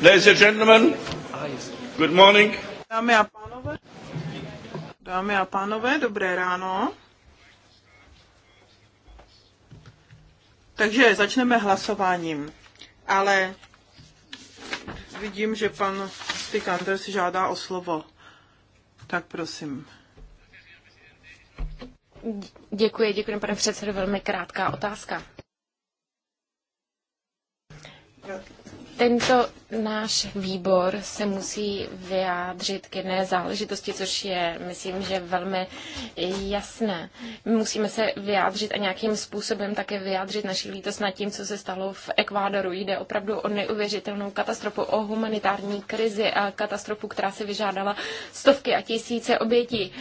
Ladies and gentlemen, good morning. Dámy a pánové, dámy a pánové, dobré ráno. Takže začneme hlasováním, ale vidím, že pan Stikander si žádá o slovo. Tak prosím. Děkuji, děkuji, pane předsedo. Velmi krátká otázka. Tento náš výbor se musí vyjádřit k jedné záležitosti, což je, myslím, že velmi jasné. Musíme se vyjádřit a nějakým způsobem také vyjádřit naši lítost nad tím, co se stalo v Ekvádoru. Jde opravdu o neuvěřitelnou katastrofu, o humanitární krizi a katastrofu, která se vyžádala stovky a tisíce obětí.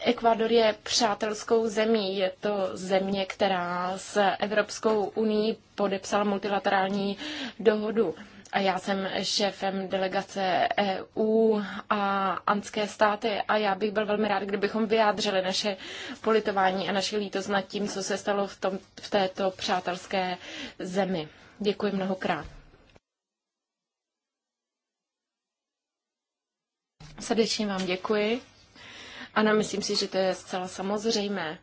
Ekvádor je přátelskou zemí, je to země, která s Evropskou unii podepsala multilaterální dohodu a já jsem šéfem delegace EU a anské státy a já bych byl velmi rád, kdybychom vyjádřili naše politování a naše lítost nad tím, co se stalo v, tom, v této přátelské zemi. Děkuji mnohokrát. Srdečně vám děkuji. Ano, myslím si, že to je zcela samozřejmé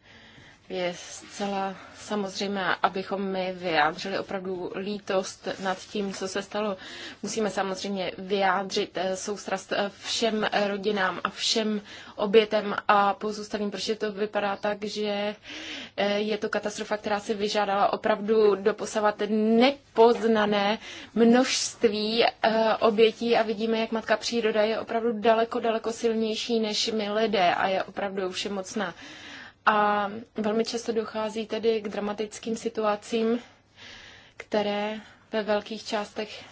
je zcela samozřejmé, abychom my vyjádřili opravdu lítost nad tím, co se stalo. Musíme samozřejmě vyjádřit eh, soustrast eh, všem rodinám a všem obětem a pozůstalým, protože to vypadá tak, že eh, je to katastrofa, která si vyžádala opravdu doposavat nepoznané množství obětí a vidíme, jak matka příroda je opravdu daleko, daleko silnější než my lidé a je opravdu všemocná a velmi často dochází tedy k dramatickým situacím, které ve velkých částech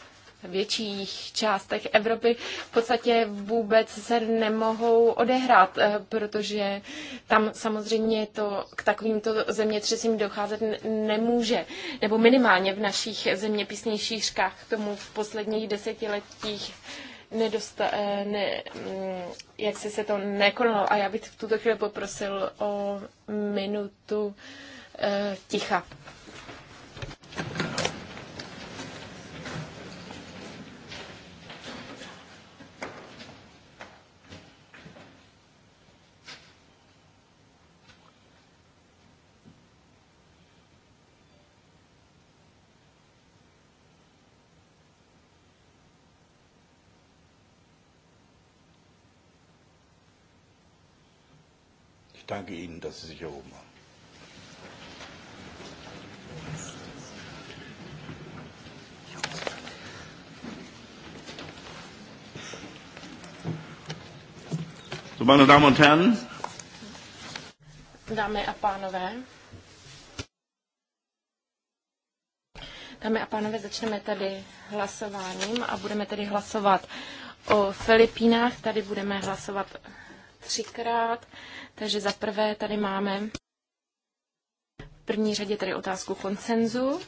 ve větších částech Evropy v podstatě vůbec se nemohou odehrát, eh, protože tam samozřejmě to k takovýmto zemětřesím docházet nemůže, nebo minimálně v našich zeměpisnějších škách k tomu v posledních desetiletích nedosta, eh, ne, mm, jak se se to nekonalo. A já bych v tuto chvíli poprosil o minutu eh, ticha. Ich danke Ihnen, dass Sie sich erhoben haben. So, meine Damen und Herren. Dámy a pánové, Dámy a pánové, začneme tady hlasováním a budeme tady hlasovat o Filipínách. Tady budeme hlasovat třikrát. Takže za prvé tady máme v první řadě tady otázku koncenzu.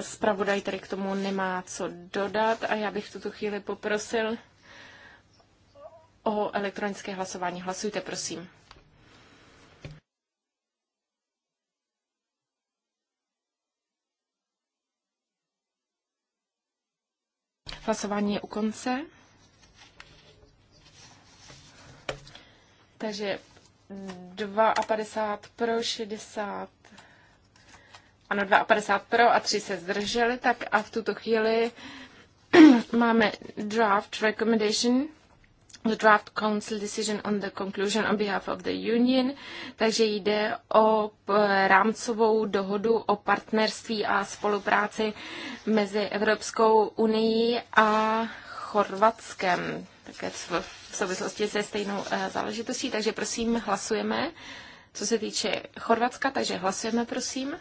Spravodaj tady k tomu nemá co dodat a já bych v tuto chvíli poprosil o elektronické hlasování. Hlasujte, prosím. Hlasování je u konce. Takže 52 mm, pro, 60 ano, 52 pro a 3 se zdrželi, tak a v tuto chvíli máme draft recommendation, the draft council decision on the conclusion on behalf of the union, takže jde o rámcovou dohodu o partnerství a spolupráci mezi Evropskou unii a Chorvatskem, také v souvislosti se stejnou eh, záležitostí. Takže prosím, hlasujeme. Co se týče Chorvatska, takže hlasujeme, prosím.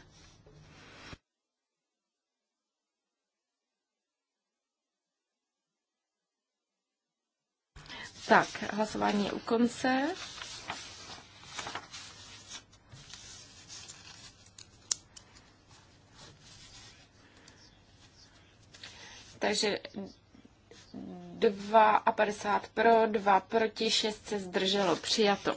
Tak, hlasování je u konce. Takže 52 pro, 2 proti, 6 se zdrželo. Přijato.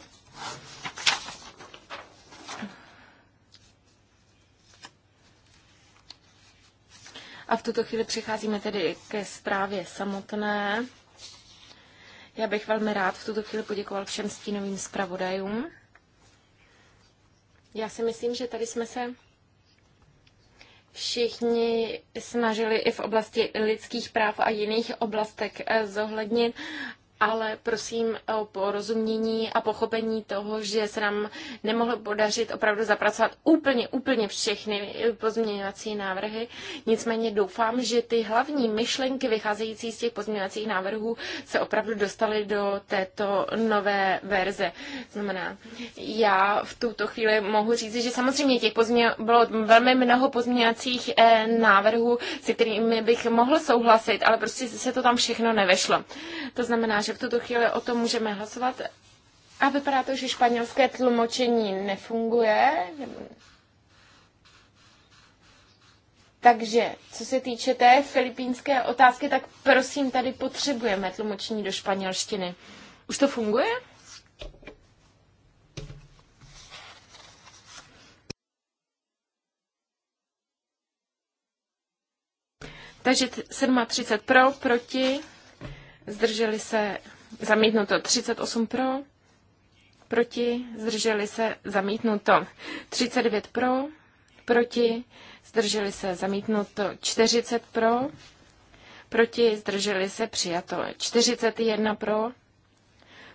A v tuto chvíli přicházíme tedy ke zprávě samotné. Já bych velmi rád v tuto chvíli poděkoval všem stínovým zpravodajům. Já si myslím, že tady jsme se všichni snažili i v oblasti lidských práv a jiných oblastech eh, zohlednit ale prosím o porozumění a pochopení toho, že se nám nemohlo podařit opravdu zapracovat úplně, úplně všechny pozměňovací návrhy. Nicméně doufám, že ty hlavní myšlenky vycházející z těch pozměňovacích návrhů se opravdu dostaly do této nové verze. Znamená, já v tuto chvíli mohu říct, že samozřejmě těch pozměň, bylo velmi mnoho pozměňovacích eh, návrhů, se kterými bych mohl souhlasit, ale prostě se to tam všechno nevešlo. To znamená, že v tuto chvíli o tom můžeme hlasovat. A vypadá to, že španělské tlumočení nefunguje. Takže, co se týče té filipínské otázky, tak prosím, tady potřebujeme tlumočení do španělštiny. Už to funguje? Takže 37 pro, proti zdrželi se, zamítnuto 38 pro, proti, zdrželi se, zamítnuto 39 pro, proti, zdrželi se, zamítnuto 40 pro, proti, zdrželi se, přijato 41 pro,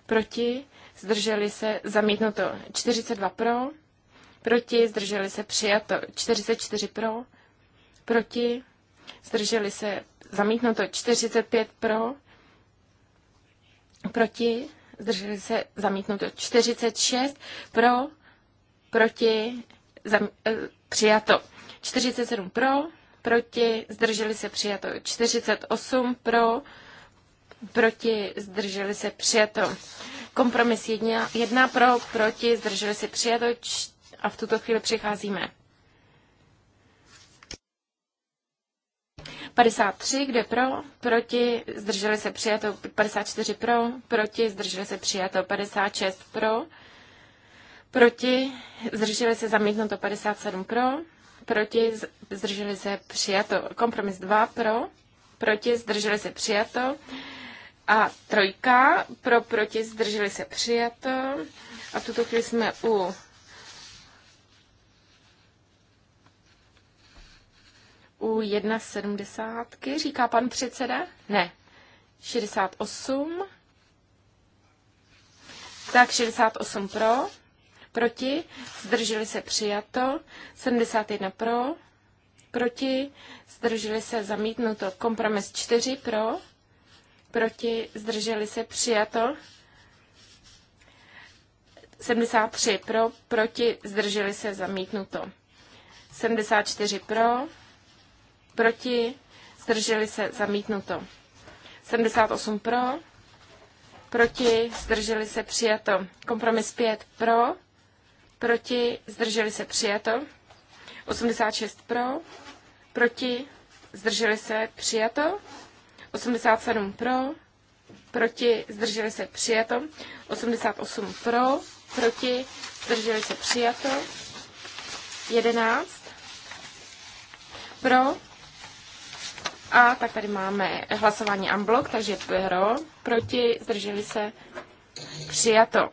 proti, zdrželi se, zamítnuto 42 pro, proti, zdrželi se, přijato 44 pro, proti, zdrželi se, zamítnuto 45 pro, proti, zdrželi se zamítnuto 46, pro, proti, zam, eh, přijato 47 pro, proti, zdrželi se přijato 48 pro, proti, zdrželi se přijato. Kompromis 1 pro, proti, zdrželi se přijato a v tuto chvíli přicházíme 53, kde pro, proti, zdrželi se přijato, 54 pro, proti, zdrželi se přijato, 56 pro, proti, zdrželi se zamítnuto, 57 pro, proti, zdrželi se přijato, kompromis 2 pro, proti, zdrželi se přijato, a trojka, pro, proti, zdrželi se přijato. A v tuto chvíli jsme u u 1,70, říká pan předseda? Ne. 68. Tak 68 pro, proti, zdrželi se přijato, 71 pro, proti, zdrželi se zamítnuto, kompromis 4 pro, proti, zdrželi se přijato, 73 pro, proti, zdrželi se zamítnuto, 74 pro, proti, zdrželi se, zamítnuto. 78 pro, proti, zdrželi se, přijato. Kompromis 5 pro, proti, zdrželi se, přijato. 86 pro, proti, zdrželi se, přijato. 87 pro, proti, zdrželi se, přijato. 88 pro, proti, zdrželi se, přijato. 11 pro, a tak tady máme hlasování unblock, takže pro, proti, zdrželi se, přijato.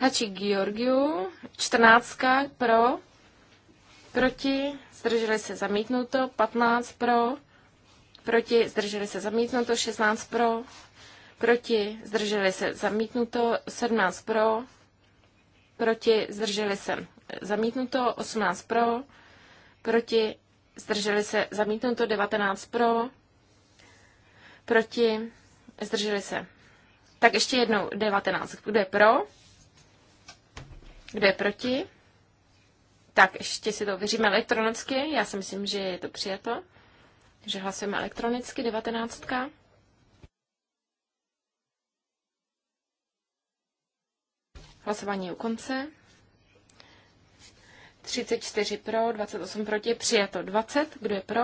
Hači Georgiu, čtrnáctka pro, proti, zdrželi se zamítnuto, patnáct pro, proti, zdrželi se zamítnuto, šestnáct pro, proti, zdrželi se, zamítnuto, 17 pro, proti, zdrželi se, zamítnuto, 18 pro, proti, zdrželi se, zamítnuto, 19 pro, proti, zdrželi se. Tak ještě jednou 19. Kdo je pro? Kdo je proti? Tak ještě si to vyříme elektronicky. Já si myslím, že je to přijato. Takže hlasujeme elektronicky 19. Hlasování je u konce. 34 pro, 28 proti, přijato 20. Kdo je pro?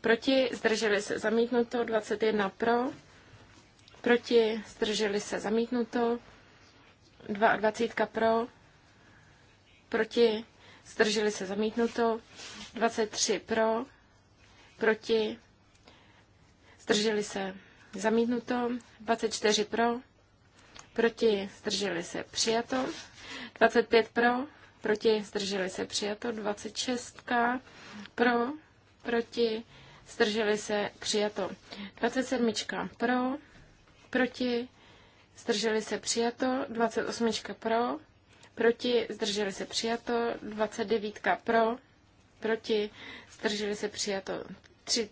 Proti, zdrželi se zamítnuto, 21 pro. Proti, zdrželi se zamítnuto, 22 pro. Proti, zdrželi se zamítnuto, 23 pro. Proti, zdrželi se zamítnuto, 24 pro proti, zdrželi se, přijato. 25 pro, proti, zdrželi se, přijato. 26 pro, proti, zdrželi se, přijato. 27 pro, proti, zdrželi se, přijato. 28 pro, proti, zdrželi se, přijato. 29 pro, proti, zdrželi se, přijato. 3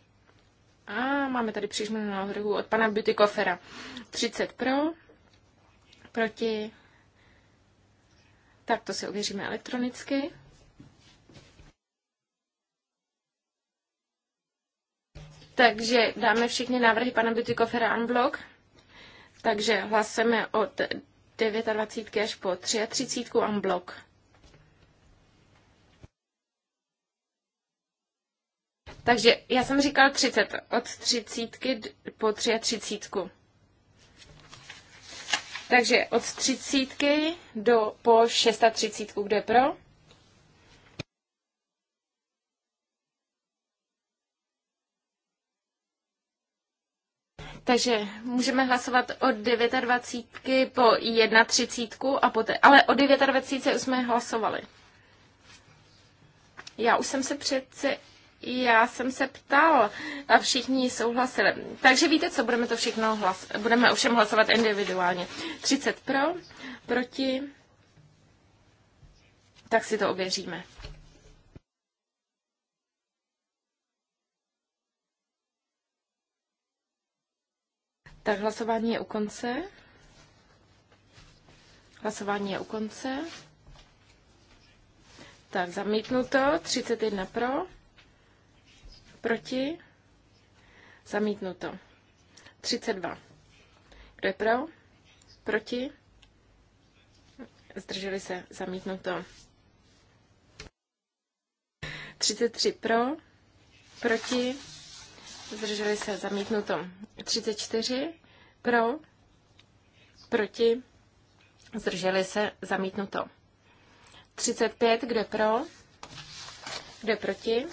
a máme tady příšmenu návrhu od pana Beauty Kofera. 30 pro, proti. Tak to si ověříme elektronicky. Takže dáme všechny návrhy pana Bytykofera unblock. Takže hlasujeme od 29 až po 33 unblock. Takže já jsem říkal 30, od 30 po 33. Takže od třicítky do po 630, kde pro? Takže můžeme hlasovat od 29 po 31 a poté, ale od 29 už jsme hlasovali. Já už jsem se přece já jsem se ptal a všichni souhlasili. Takže víte co, budeme to všechno hlas, budeme ovšem hlasovat individuálně. 30 pro, proti, tak si to ověříme. Tak hlasování je u konce. Hlasování je u konce. Tak zamítnuto, 31 pro. Proti? Zamítnuto. 32. Kdo je pro? Proti? Zdrželi se. Zamítnuto. 33 pro, proti, zdrželi se, zamítnuto. 34 pro, proti, zdrželi se, zamítnuto. 35, kde pro, kde proti,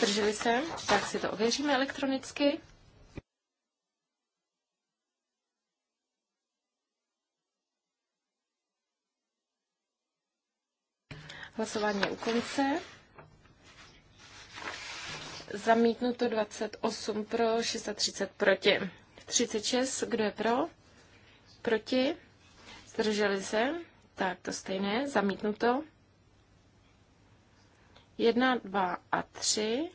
Zdrželi se? Tak si to ověříme elektronicky. Hlasování je u konce. Zamítnuto 28 pro, 630 proti. 36, kdo je pro? Proti? Zdrželi se? Tak to stejné, zamítnuto. 1, 2 a 3.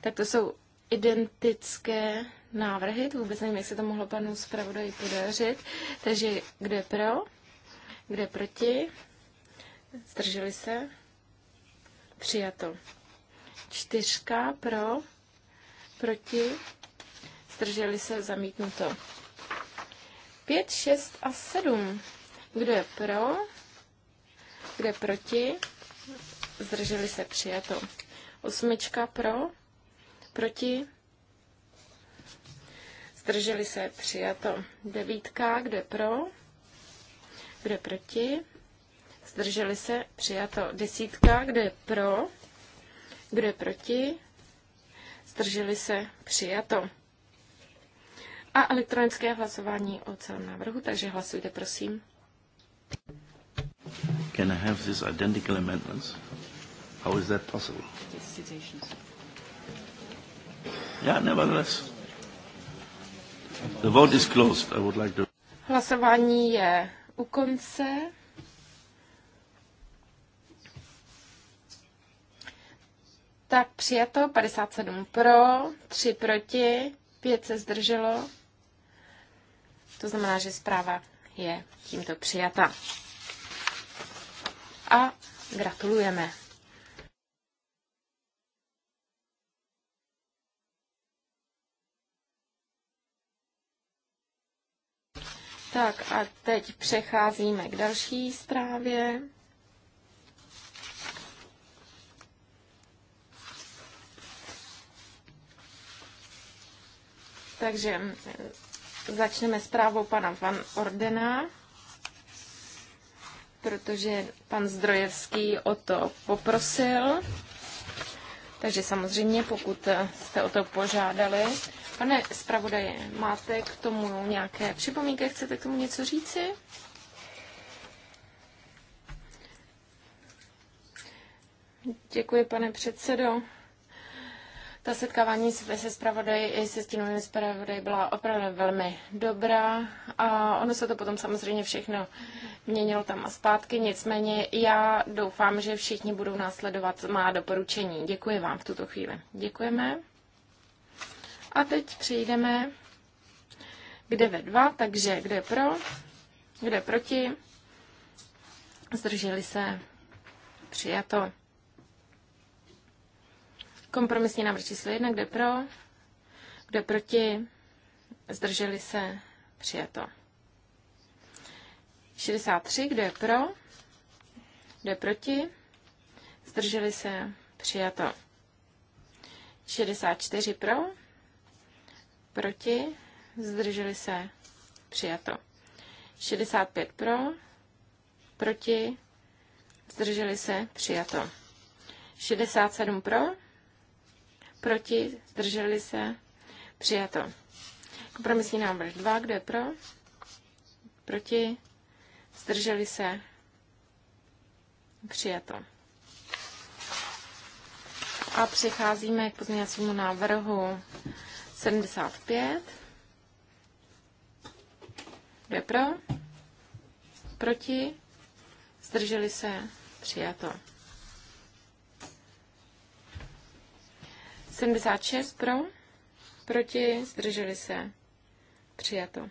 Tak to jsou identické návrhy, to vůbec nevím, jak se to mohlo panu zpravodaji podařit. Takže kdo je pro, kdo je proti, zdrželi se, přijato. Čtyřka pro, proti, zdrželi se, zamítnuto. Pět, šest a sedm. Kdo je pro, kdo je proti? Zdrželi se přijato. Osmička pro? Proti? Zdrželi se přijato. Devítka, kde pro? kde proti? Zdrželi se přijato. Desítka, kde pro? kde proti? Zdrželi se přijato. A elektronické hlasování o celém návrhu, takže hlasujte, prosím. Can have these identical amendments? How is that possible? Yeah, nevertheless. The vote is closed. I would like to... Hlasování je u konce. Tak přijato 57 pro, 3 proti, 5 se zdrželo. To znamená, že zpráva je tímto přijata a gratulujeme. Tak a teď přecházíme k další zprávě. Takže mm, začneme zprávou pana Van Ordena protože pan Zdrojevský o to poprosil. Takže samozřejmě, pokud jste o to požádali. Pane zpravodaje, máte k tomu nějaké připomínky? Chcete k tomu něco říci? Děkuji, pane předsedo. Ta setkávání se zpravodaji i se stínovými zpravodaji byla opravdu velmi dobrá a ono se to potom samozřejmě všechno měnilo tam a zpátky, nicméně já doufám, že všichni budou následovat má doporučení. Děkuji vám v tuto chvíli. Děkujeme. A teď přejdeme kde ve dva, takže kde pro, kde proti, zdrželi se, přijato. Kompromisní návrh číslo jedna, kde pro, kde proti, zdrželi se, přijato. 63, kde je pro, kde je proti, zdrželi se, přijato. 64 pro, proti, zdrželi se, přijato. 65 pro, proti, zdrželi se, přijato. 67 pro, proti, zdrželi se, přijato. Kompromisní návrh 2, kdo je pro, proti, zdrželi se, přijato. A přecházíme k pozměňovacímu návrhu 75. Kdo je pro? Proti? Zdrželi se? Přijato. 76 pro, proti, zdrželi se, přijato.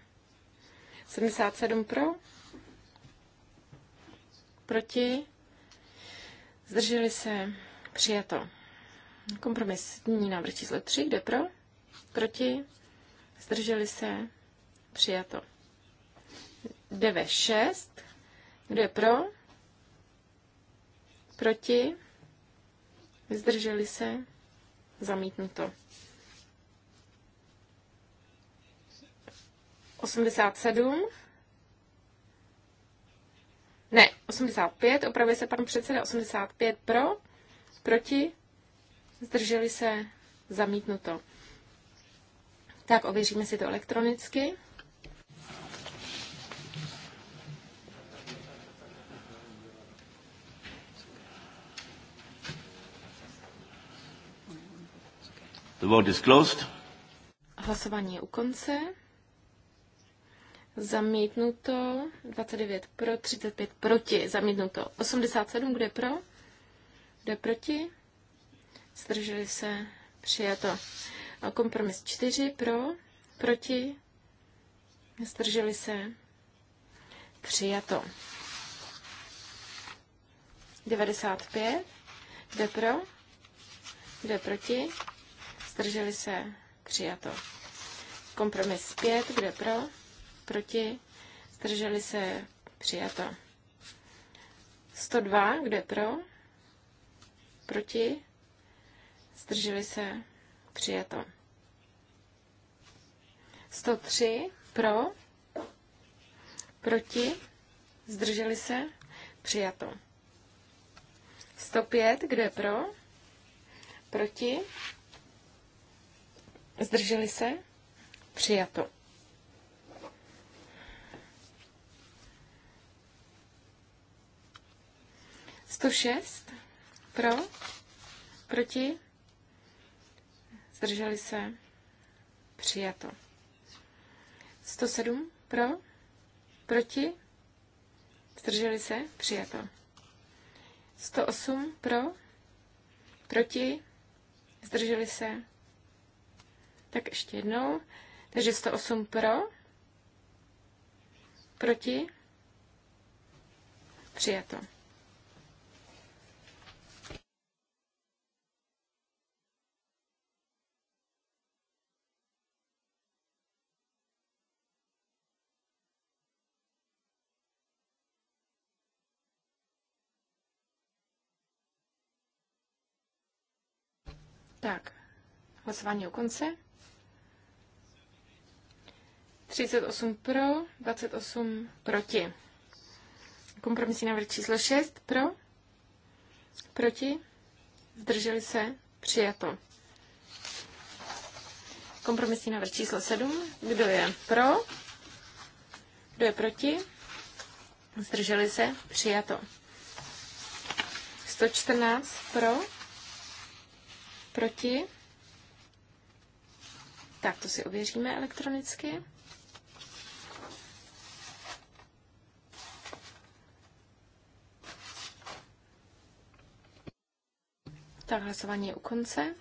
77 pro, proti, zdrželi se, přijato. Kompromisní návrh číslo 3, kde pro, proti, zdrželi se, přijato. 9.6. Kdo je pro? Proti? Zdrželi se? Zamítnuto. 87. Ne, 85, opravuje se pan předseda, 85 pro, proti, zdrželi se, zamítnuto. Tak, ověříme si to elektronicky. The vote is closed. Hlasování je u konce. Zamítnuto 29 pro, 35 proti. Zamítnuto 87, kde pro? Kde proti? Zdrželi se, přijato. Kompromis 4 pro, proti. Zdrželi se, přijato. 95, kde pro? Kde proti? Zdrželi se? Přijato. Kompromis 5. kde pro? Proti? Zdrželi se? Přijato. 102. kde pro? Proti? Zdrželi se? Přijato. 103. Pro? Proti? Zdrželi se? Přijato. 105. kde pro? Proti? Zdrželi se? Přijato. Sto šest. Pro? Proti? Zdrželi se? Přijato. 107 pro? Proti? Zdrželi se? Přijato. 108 pro? Proti? Zdrželi se? Tak ještě jednou. Takže 108 pro. Proti. Přijato. Tak, hlasování u konce. 38 pro, 28 proti. Kompromisní návrh číslo 6 pro, proti, zdrželi se, přijato. Kompromisní návrh číslo 7. Kdo je pro? Kdo je proti? Zdrželi se? Přijato. 114 pro? Proti? Tak to si ověříme elektronicky. tak hlasování je u konce.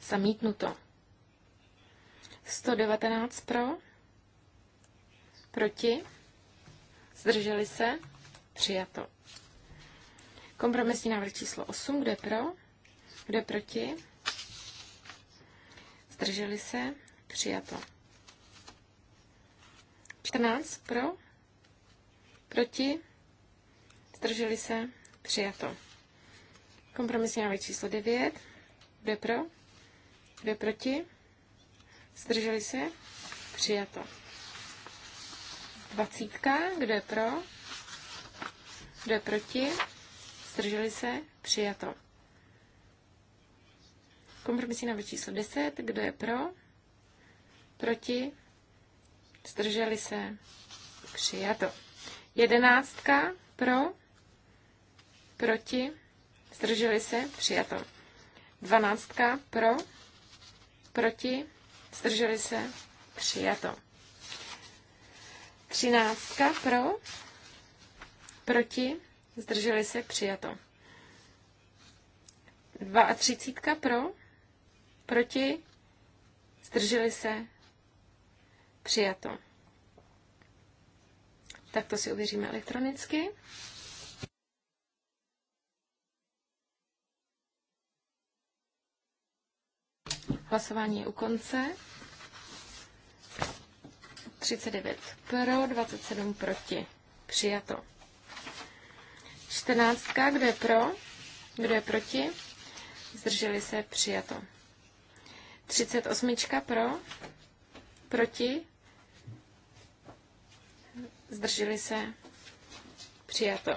Zamítnuto. 119 pro, proti, zdrželi se, přijato. Kompromisní návrh číslo 8, kde pro, kde proti, zdrželi se, přijato. 14 pro, proti, zdrželi se, přijato. Kompromisní návrh číslo 9, kdo je pro, kdo je proti, zdrželi se, přijato. Dvacítka, kdo je pro, kdo je proti, zdrželi se, přijato. Kompromisní návrh číslo 10, kdo je pro, proti, zdrželi se, přijato. Jedenáctka, pro, proti, zdrželi se, přijato. Dvanáctka pro, proti, zdrželi se, přijato. Třináctka pro, proti, zdrželi se, přijato. Dva a třicítka pro, proti, zdrželi se, přijato. Tak to si uvěříme elektronicky. Hlasování je u konce. 39 pro, 27 proti. Přijato. 14. Kdo je pro? Kdo je proti? Zdrželi se. Přijato. 38. Pro? Proti? Zdrželi se. Přijato.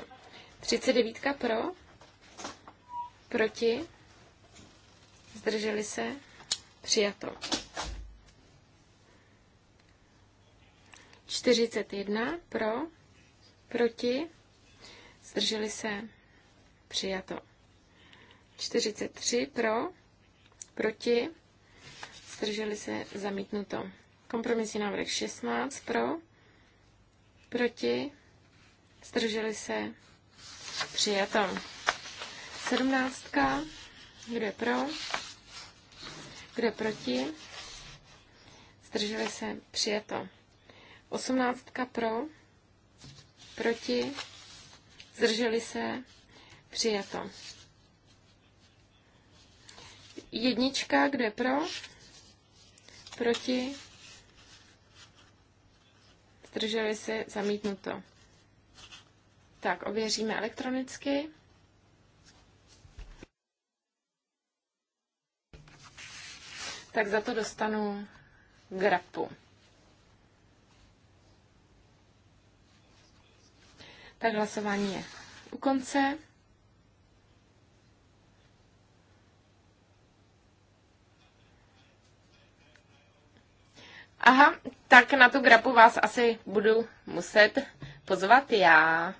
39. Pro? Proti? Zdrželi se. Přijato. 41 pro, proti, zdrželi se, přijato. 43 pro, proti, zdrželi se, zamítnuto. Kompromisní návrh 16 pro, proti, zdrželi se, přijato. 17. Kdo je pro? Kdo je proti? Zdrželi se. Přijeto. Osmnáctka pro. Proti. Zdrželi se. Přijeto. Jednička, kdo je pro? Proti. Zdrželi se. Zamítnuto. Tak, ověříme elektronicky. tak za to dostanu grapu. Tak hlasování je u konce. Aha, tak na tu grapu vás asi budu muset pozvat já.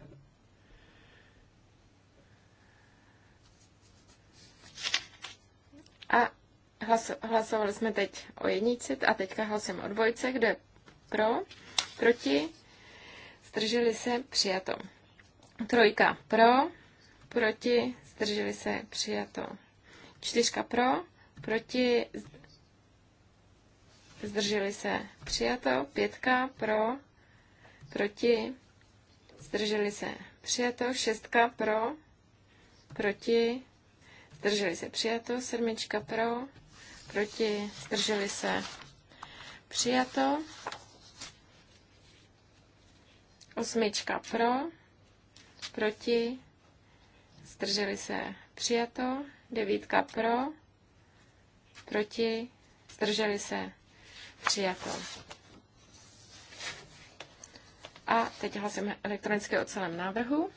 hlasovali jsme teď o jednici a teďka hlasujeme o dvojce, kdo je pro, proti, zdrželi se, přijato. Trojka pro, proti, zdrželi se, přijato. Čtyřka pro, proti, zdrželi se, přijato. Pětka pro, proti, zdrželi se, přijato. Šestka pro, proti, zdrželi se, přijato. Sedmička pro, proti, zdrželi se, přijato. Osmička pro, proti, zdrželi se, přijato. Devítka pro, proti, zdrželi se, přijato. A teď hlasujeme elektronické o celém návrhu.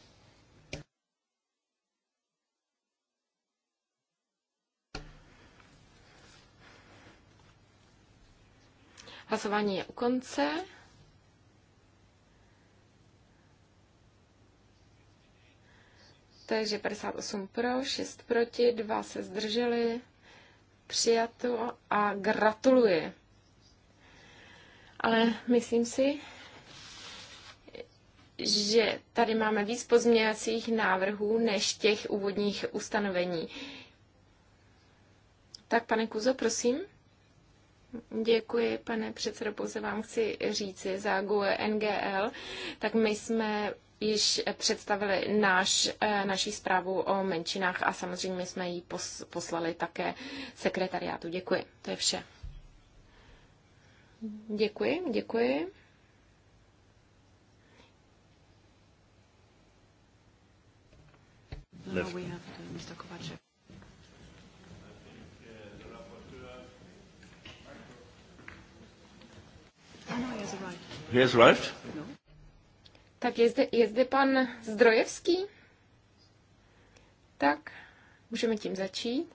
Hlasování je u konce. Takže 58 pro, 6 proti, 2 se zdrželi, přijato a gratuluji. Ale myslím si, že tady máme víc pozměňovacích návrhů než těch úvodních ustanovení. Tak, pane Kuzo, prosím. Děkuji, pane předsedo, pouze vám chci říci za GUE NGL, tak my jsme již představili náš, eh, naší zprávu o menšinách a samozřejmě jsme ji poslali také sekretariátu. Děkuji, to je vše. Děkuji, děkuji. No, no we have Mr. Kovacev. He has arrived? No. Tak je zde, je zde pan Zdrojevský? Tak, můžeme tím začít.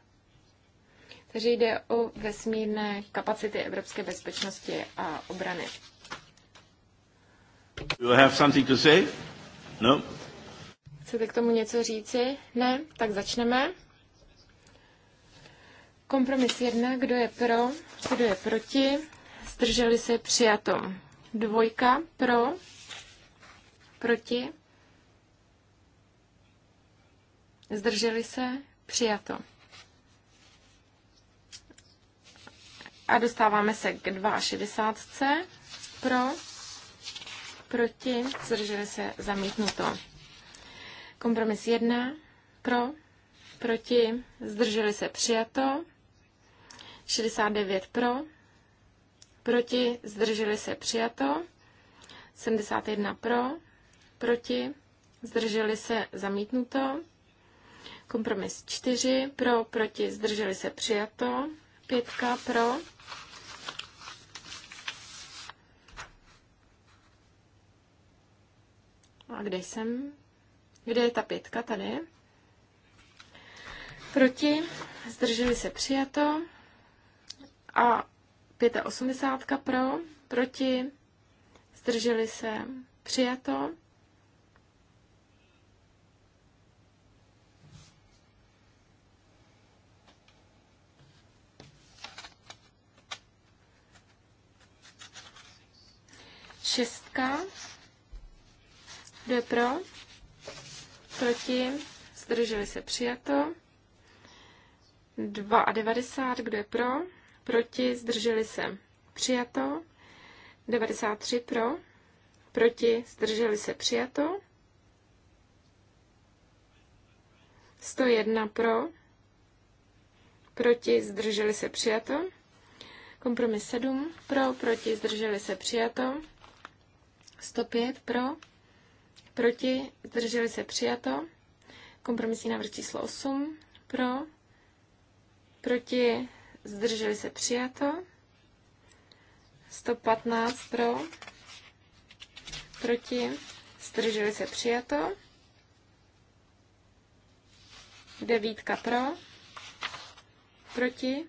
Takže jde o vesmírné kapacity evropské bezpečnosti a obrany. You have something to say? No? Chcete k tomu něco říci? Ne? Tak začneme. Kompromis jedna, kdo je pro, kdo je proti, zdrželi se přijato. Dvojka pro, proti, zdrželi se přijato. A dostáváme se k 2,60 pro, proti, zdrželi se zamítnuto. Kompromis 1 pro, proti, zdrželi se přijato. 69 pro, proti, zdrželi se přijato, 71 pro, proti, zdrželi se zamítnuto, kompromis 4 pro, proti, zdrželi se přijato, 5 pro, A kde jsem? Kde je ta pětka? Tady. Proti. Zdrželi se přijato. A 85 pro, proti, zdrželi se, přijato. Šestka. Kdo je pro? Proti? Zdrželi se přijato. 92. Kdo je pro? proti, zdrželi se, přijato. 93 pro, proti, zdrželi se, přijato. 101 pro, proti, zdrželi se, přijato. Kompromis 7 pro, proti, zdrželi se, přijato. 105 pro, proti, zdrželi se, přijato. Kompromisní návrh číslo 8 pro, proti, zdrželi se přijato. 115 pro, proti, zdrželi se přijato. Devítka pro, proti,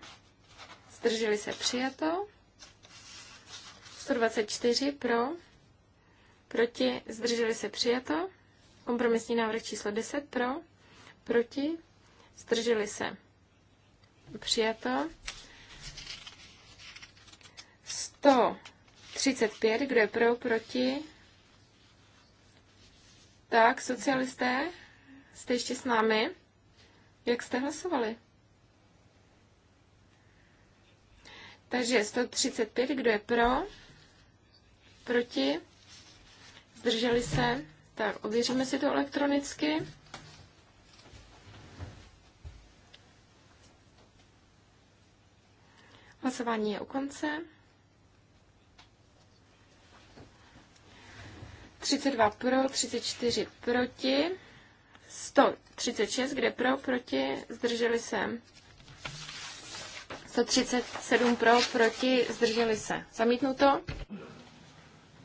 zdrželi se přijato. 124 pro, proti, zdrželi se přijato. Kompromisní návrh číslo 10 pro, proti, zdrželi se Přijato. 135, kdo je pro, proti. Tak, socialisté, jste ještě s námi? Jak jste hlasovali? Takže 135, kdo je pro, proti, zdrželi se, tak ověříme si to elektronicky. Hlasování je u konce. 32 pro, 34 proti, 136, kde pro, proti, zdrželi se. 137 pro, proti, zdrželi se. Zamítnuto.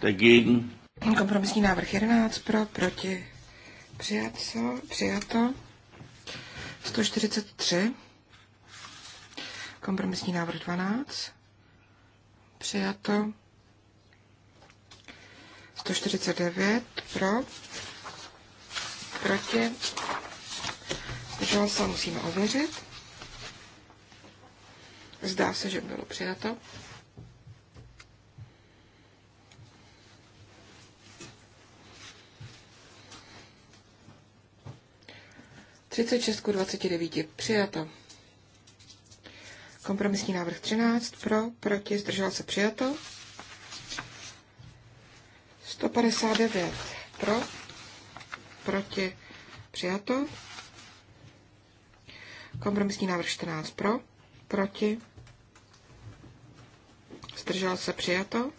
Dagegen. Kompromisní návrh 11 pro, proti, přijato, přijato. 143 Kompromisní návrh 12. Přijato. 149 pro. Proti. Zdržel se, musíme ověřit. Zdá se, že bylo přijato. Třicet šestku dvaceti devíti přijato. Kompromisní návrh 13 pro, proti, zdržel se přijato. 159 pro, proti, přijato. Kompromisní návrh 14 pro, proti, zdržel se přijato.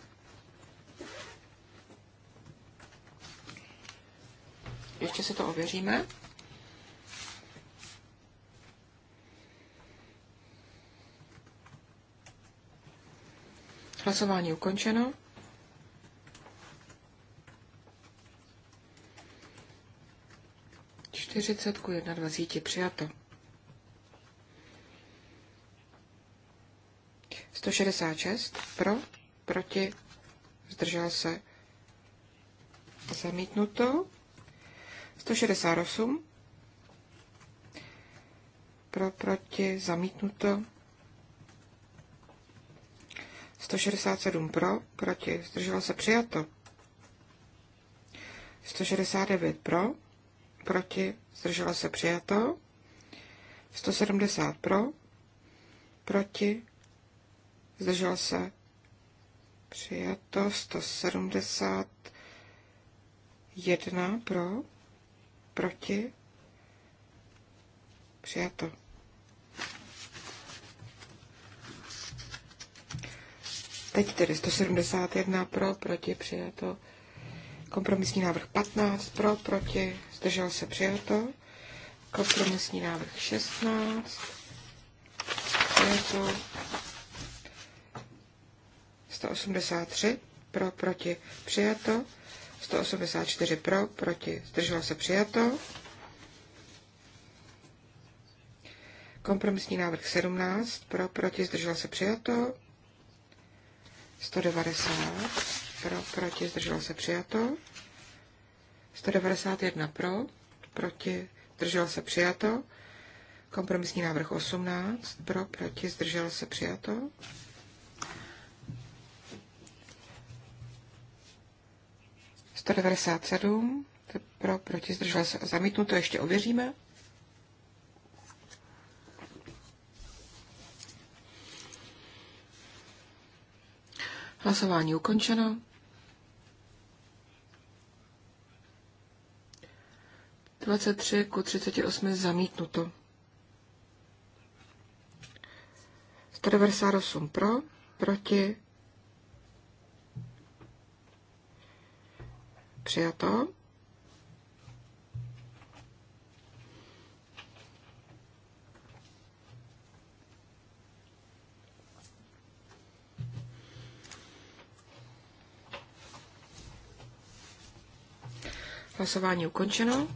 Ještě si to ověříme. Hlasování ukončeno. Čtyřicet ku 21 přijato. 166 pro, proti, zdržel se zamítnuto. 168 pro, proti, zamítnuto. 167 pro, proti, zdrželo se přijato. 169 pro, proti, zdrželo se přijato. 170 pro, proti, zdrželo se přijato. 171 pro, proti, přijato. Teď tedy 171 pro, proti, přijato. Kompromisní návrh 15 pro, proti, zdržel se, přijato. Kompromisní návrh 16 přijato. 183 pro, proti, přijato. 184 pro, proti, zdržel se přijato. Kompromisní návrh 17 pro, proti, zdržel se přijato. 190 pro, proti, zdrželo se přijato. 191 pro, proti, zdrželo se přijato. Kompromisní návrh 18 pro, proti, zdrželo se přijato. Sto devadesát sedm pro, proti, zdrželo se zamítnuto, ještě ověříme. Hlasování ukončeno. Dvacet tři ku třiceti osmi zamítnuto. 198 pro, proti, přijato. Hlasování ukončeno.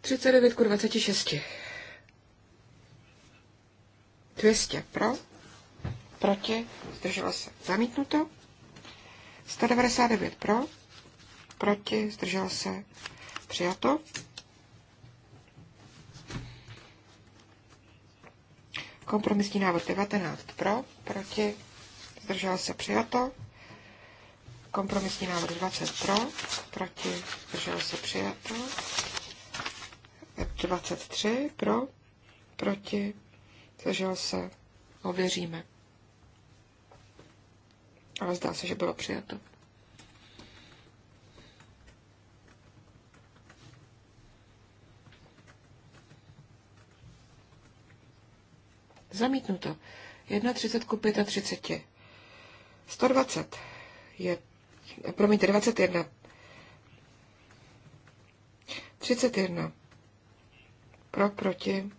39 ku 26. 200 pro, proti, zdrželo se zamítnuto. 199 pro, proti, zdržel se přijato. Kompromisní návrh 19 pro, proti, zdržel se přijato. Kompromisní návrh 20 pro, proti, zdržel se přijato. 23 pro, proti, zdržel se, ověříme. Ale zdá se, že bylo přijato. Zamítnuto. 31 ku 35. 120 je promiňte, 21. 31. Pro, proti,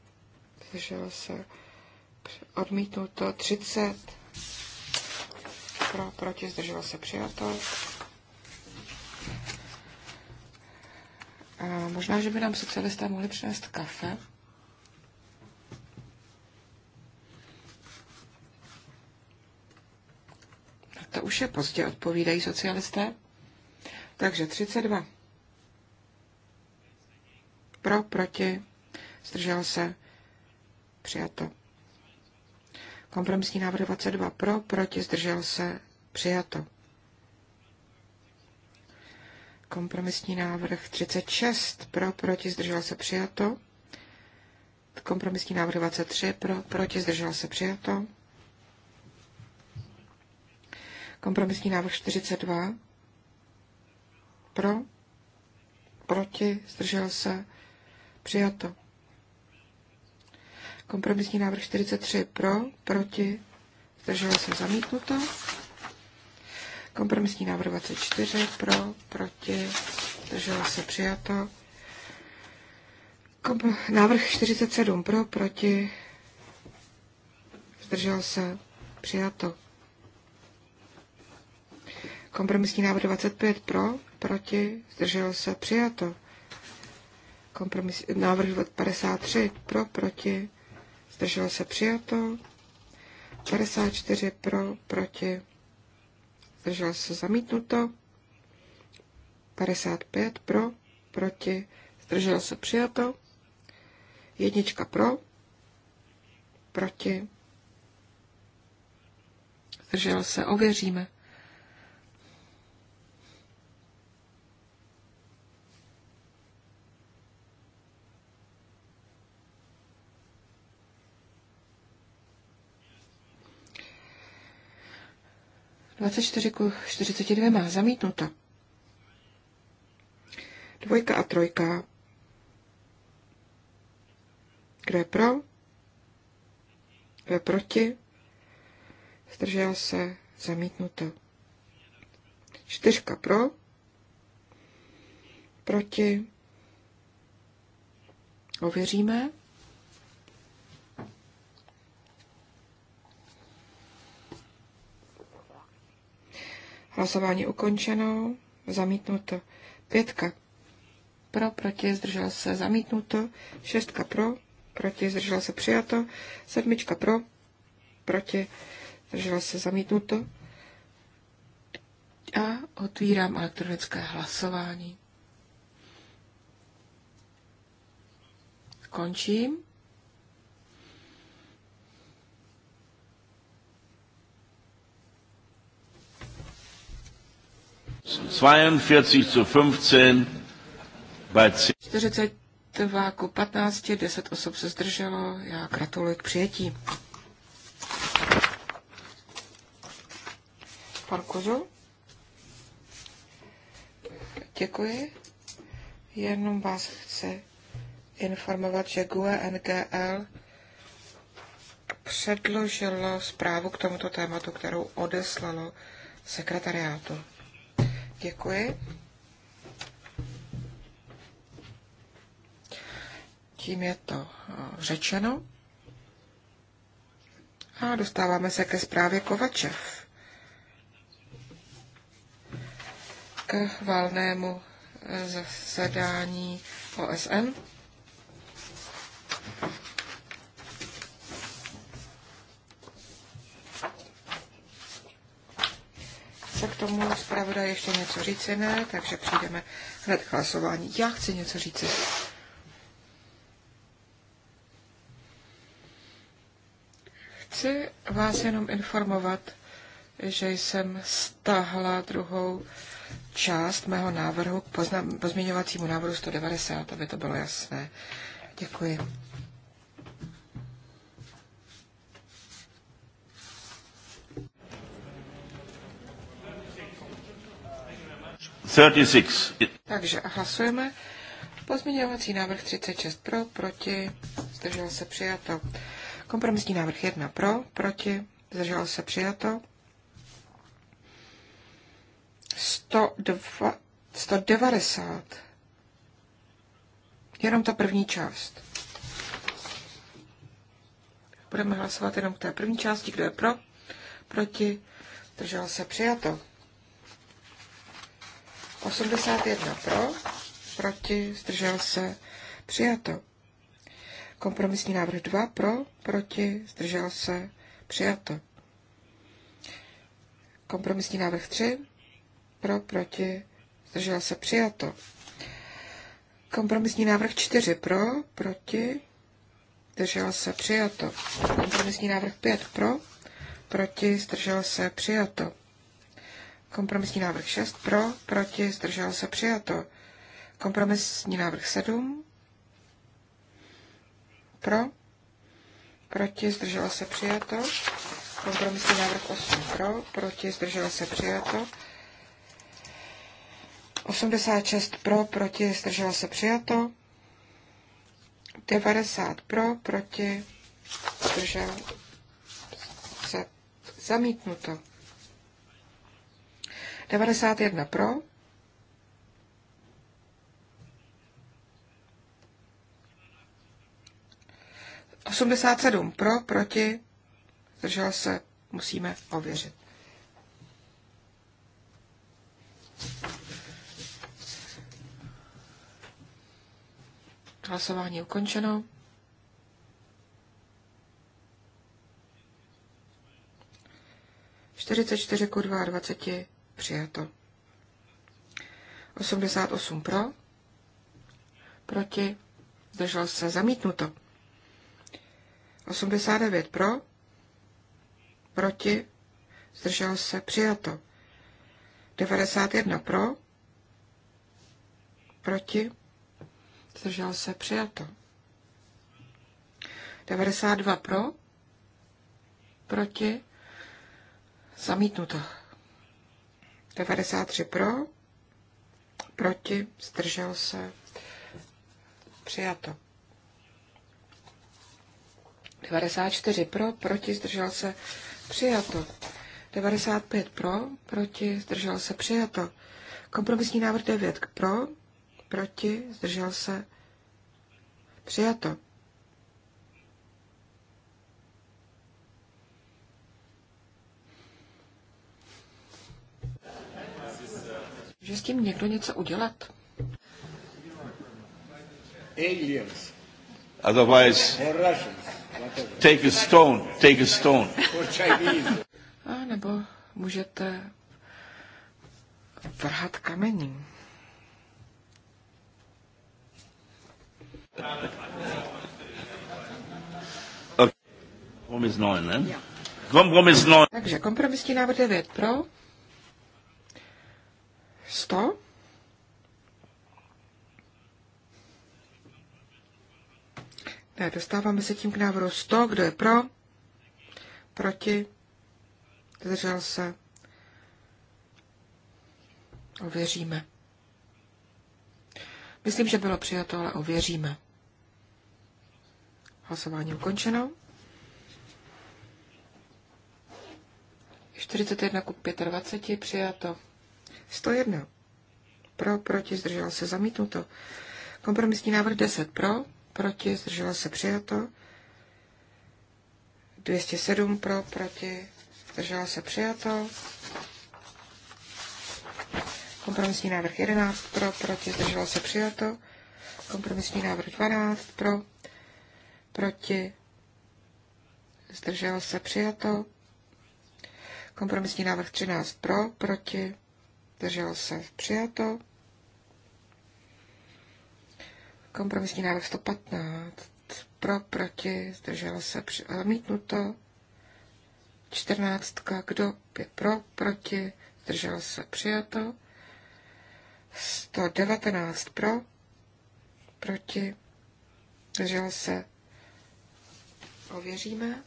zdržel se, to, 30. Pro, proti, zdržel se, přijato. A možná, že by nám socialisté mohli přinést kafe. To už je pozdě, odpovídají socialisté. Takže 32. Pro, proti, zdržel se, přijato. Kompromisní návrh 22. Pro, proti, zdržel se, přijato. Kompromisní návrh 36. Pro, proti, zdržel se, přijato. Kompromisní návrh 23. Pro, proti, zdržel se, přijato. Kompromisní návrh 42. Pro, proti, zdržel se, přijato. Kompromisní návrh 43 pro, proti, zdržel se zamítnuto. Kompromisní návrh 24 pro, proti, zdržel se přijato. Komp- návrh 47 pro, proti, zdržel se přijato. Kompromisní návrh 25 pro, proti, zdržel se, přijato. Kompromis, návrh 53 pro, proti, zdržel se, přijato. 54 pro, proti, zdržel se, zamítnuto. 55 pro, proti, zdržel se, přijato. Jednička pro, proti, zdržel se, ověříme. 24 ku 42 má zamítnuto. Dvojka a trojka. Kdo je pro? Kdo je proti? Zdržel se zamítnuto. Čtyřka pro. Proti. Ověříme. Hlasování ukončeno. Zamítnuto. Pětka. Pro, proti, zdržel se. Zamítnuto. Šestka pro, proti, zdržel se. Přijato. Sedmička pro, proti, zdržel se. Zamítnuto. A otvírám elektronické hlasování. Končím. 42 zu 15 bei 10. 42 ku 15, 10 osob se zdrželo. Já gratuluji k přijetí. Pan Kozu? Děkuji. Jenom vás chci informovat, že GUE NGL předložilo zprávu k tomuto tématu, kterou odeslalo sekretariátu. Děkuji. Tím je to eh, řečeno. A dostáváme se ke zprávě Kovačev. K valnému eh, zasedání OSN. Chce k tomu zpravodaj ještě něco říci? Ne, takže přijdeme hned k hlasování. Já chci něco říci. Chci vás jenom informovat, že jsem stáhla druhou část mého návrhu k pozměňovacímu návrhu 190, aby to bylo jasné. Děkuji. 36. Takže hlasujeme. Pozměňovací návrh 36 pro, proti, zdržel se přijato. Kompromisní návrh 1 pro, proti, zdržel se přijato. 190. Jenom ta první část. Budeme hlasovat jenom k té první části, kdo je pro, proti, zdržel se přijato. 81 pro, proti, zdržel se, přijato. Kompromisní návrh 2 pro, proti, zdržel se, přijato. Kompromisní návrh 3 pro, proti, zdržel se, přijato. Kompromisní návrh 4 pro, proti, zdržel se, přijato. Kompromisní návrh 5 pro, proti, zdržel se, přijato. Kompromisní návrh 6 pro, proti, zdržel se přijato. Kompromisní návrh 7 pro, proti, zdržel se přijato. Kompromisní návrh 8 pro, proti, zdržel se přijato. 86 pro, proti, zdržel se přijato. 90 pro, proti, zdržel se zamítnuto. 91 pro. Osmdesát sedm pro, proti, zdržel se, musíme ověřit. Hlasování ukončeno. Čtyřicet čtyři ku dvaceti. Přijato. 88 pro, proti, zdržel se, zamítnuto. 89 pro, proti, zdržel se, přijato. 91 pro, proti, zdržel se, přijato. 92 pro, proti, zamítnuto. 93 pro, proti, zdržel se, přijato. 94 pro, proti, zdržel se, přijato. 95 pro, proti, zdržel se, přijato. Kompromisní návrh 9 pro, proti, zdržel se, přijato. Může s tím někdo něco udělat? Aliens. Otherwise, take a stone, take a stone. A nebo můžete vrhat kamení. Okay. Kompromis 9, ne? Yeah. Kompromis 9. Takže kompromisní návrh 9 pro, 100. Ne, dostáváme se tím k návrhu 100. Kdo je pro? Proti? Zdržel se? Ověříme. Myslím, že bylo přijato, ale ověříme. Hlasování ukončeno. 41 ku 25 přijato. 101. Pro, proti, zdržel se zamítnuto. Kompromisní návrh 10 pro, proti, zdržela se přijato. 207 pro, proti, zdržela se přijato. Kompromisní návrh 11 pro, proti, zdržela se přijato. Kompromisní návrh 12 pro, proti, zdržel se přijato. Kompromisní návrh 13 pro, proti, zdržel se přijato. Kompromisní návrh 115 pro, proti, zdržel se při, eh, zamítnuto. 14. Kdo je pro, proti, zdržel se přijato. 119 pro, proti, zdržel se. Ověříme.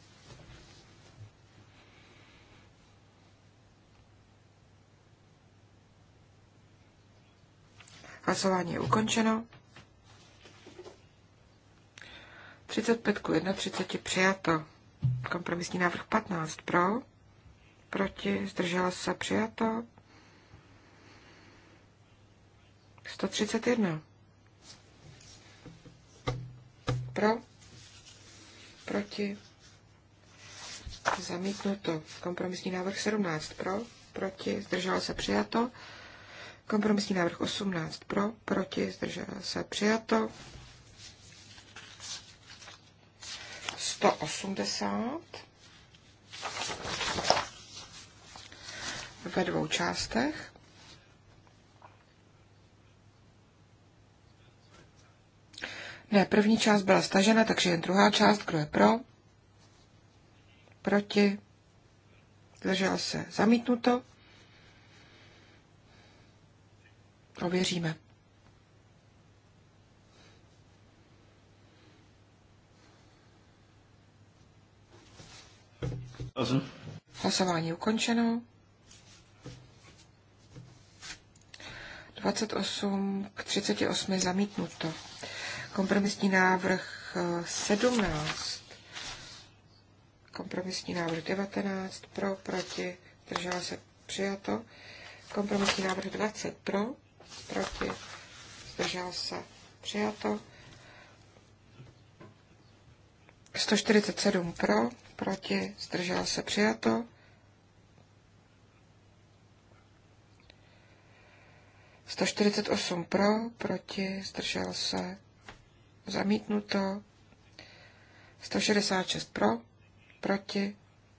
Hlasování je ukončeno. 35 k 31 přijato. Kompromisní návrh 15 pro. Proti zdržela se přijato. 131. Pro. Proti. Zamítnuto. Kompromisní návrh 17 pro. Proti zdržela se přijato. Kompromisní návrh 18 pro, proti, zdržel se přijato. 180 ve dvou částech. Ne, první část byla stažena, takže jen druhá část, kdo je pro, proti, zdržel se zamítnuto. prověříme. Hlasování ukončeno. 28 k 38 zamítnuto. Kompromisní návrh 17. Eh, Kompromisní návrh 19. Pro, proti, držela se přijato. Kompromisní návrh 20. Pro, proti, zdržel se, přijato. 147 pro, proti, zdržel se, přijato. 148 pro, proti, zdržel se, zamítnuto. 166 pro, proti,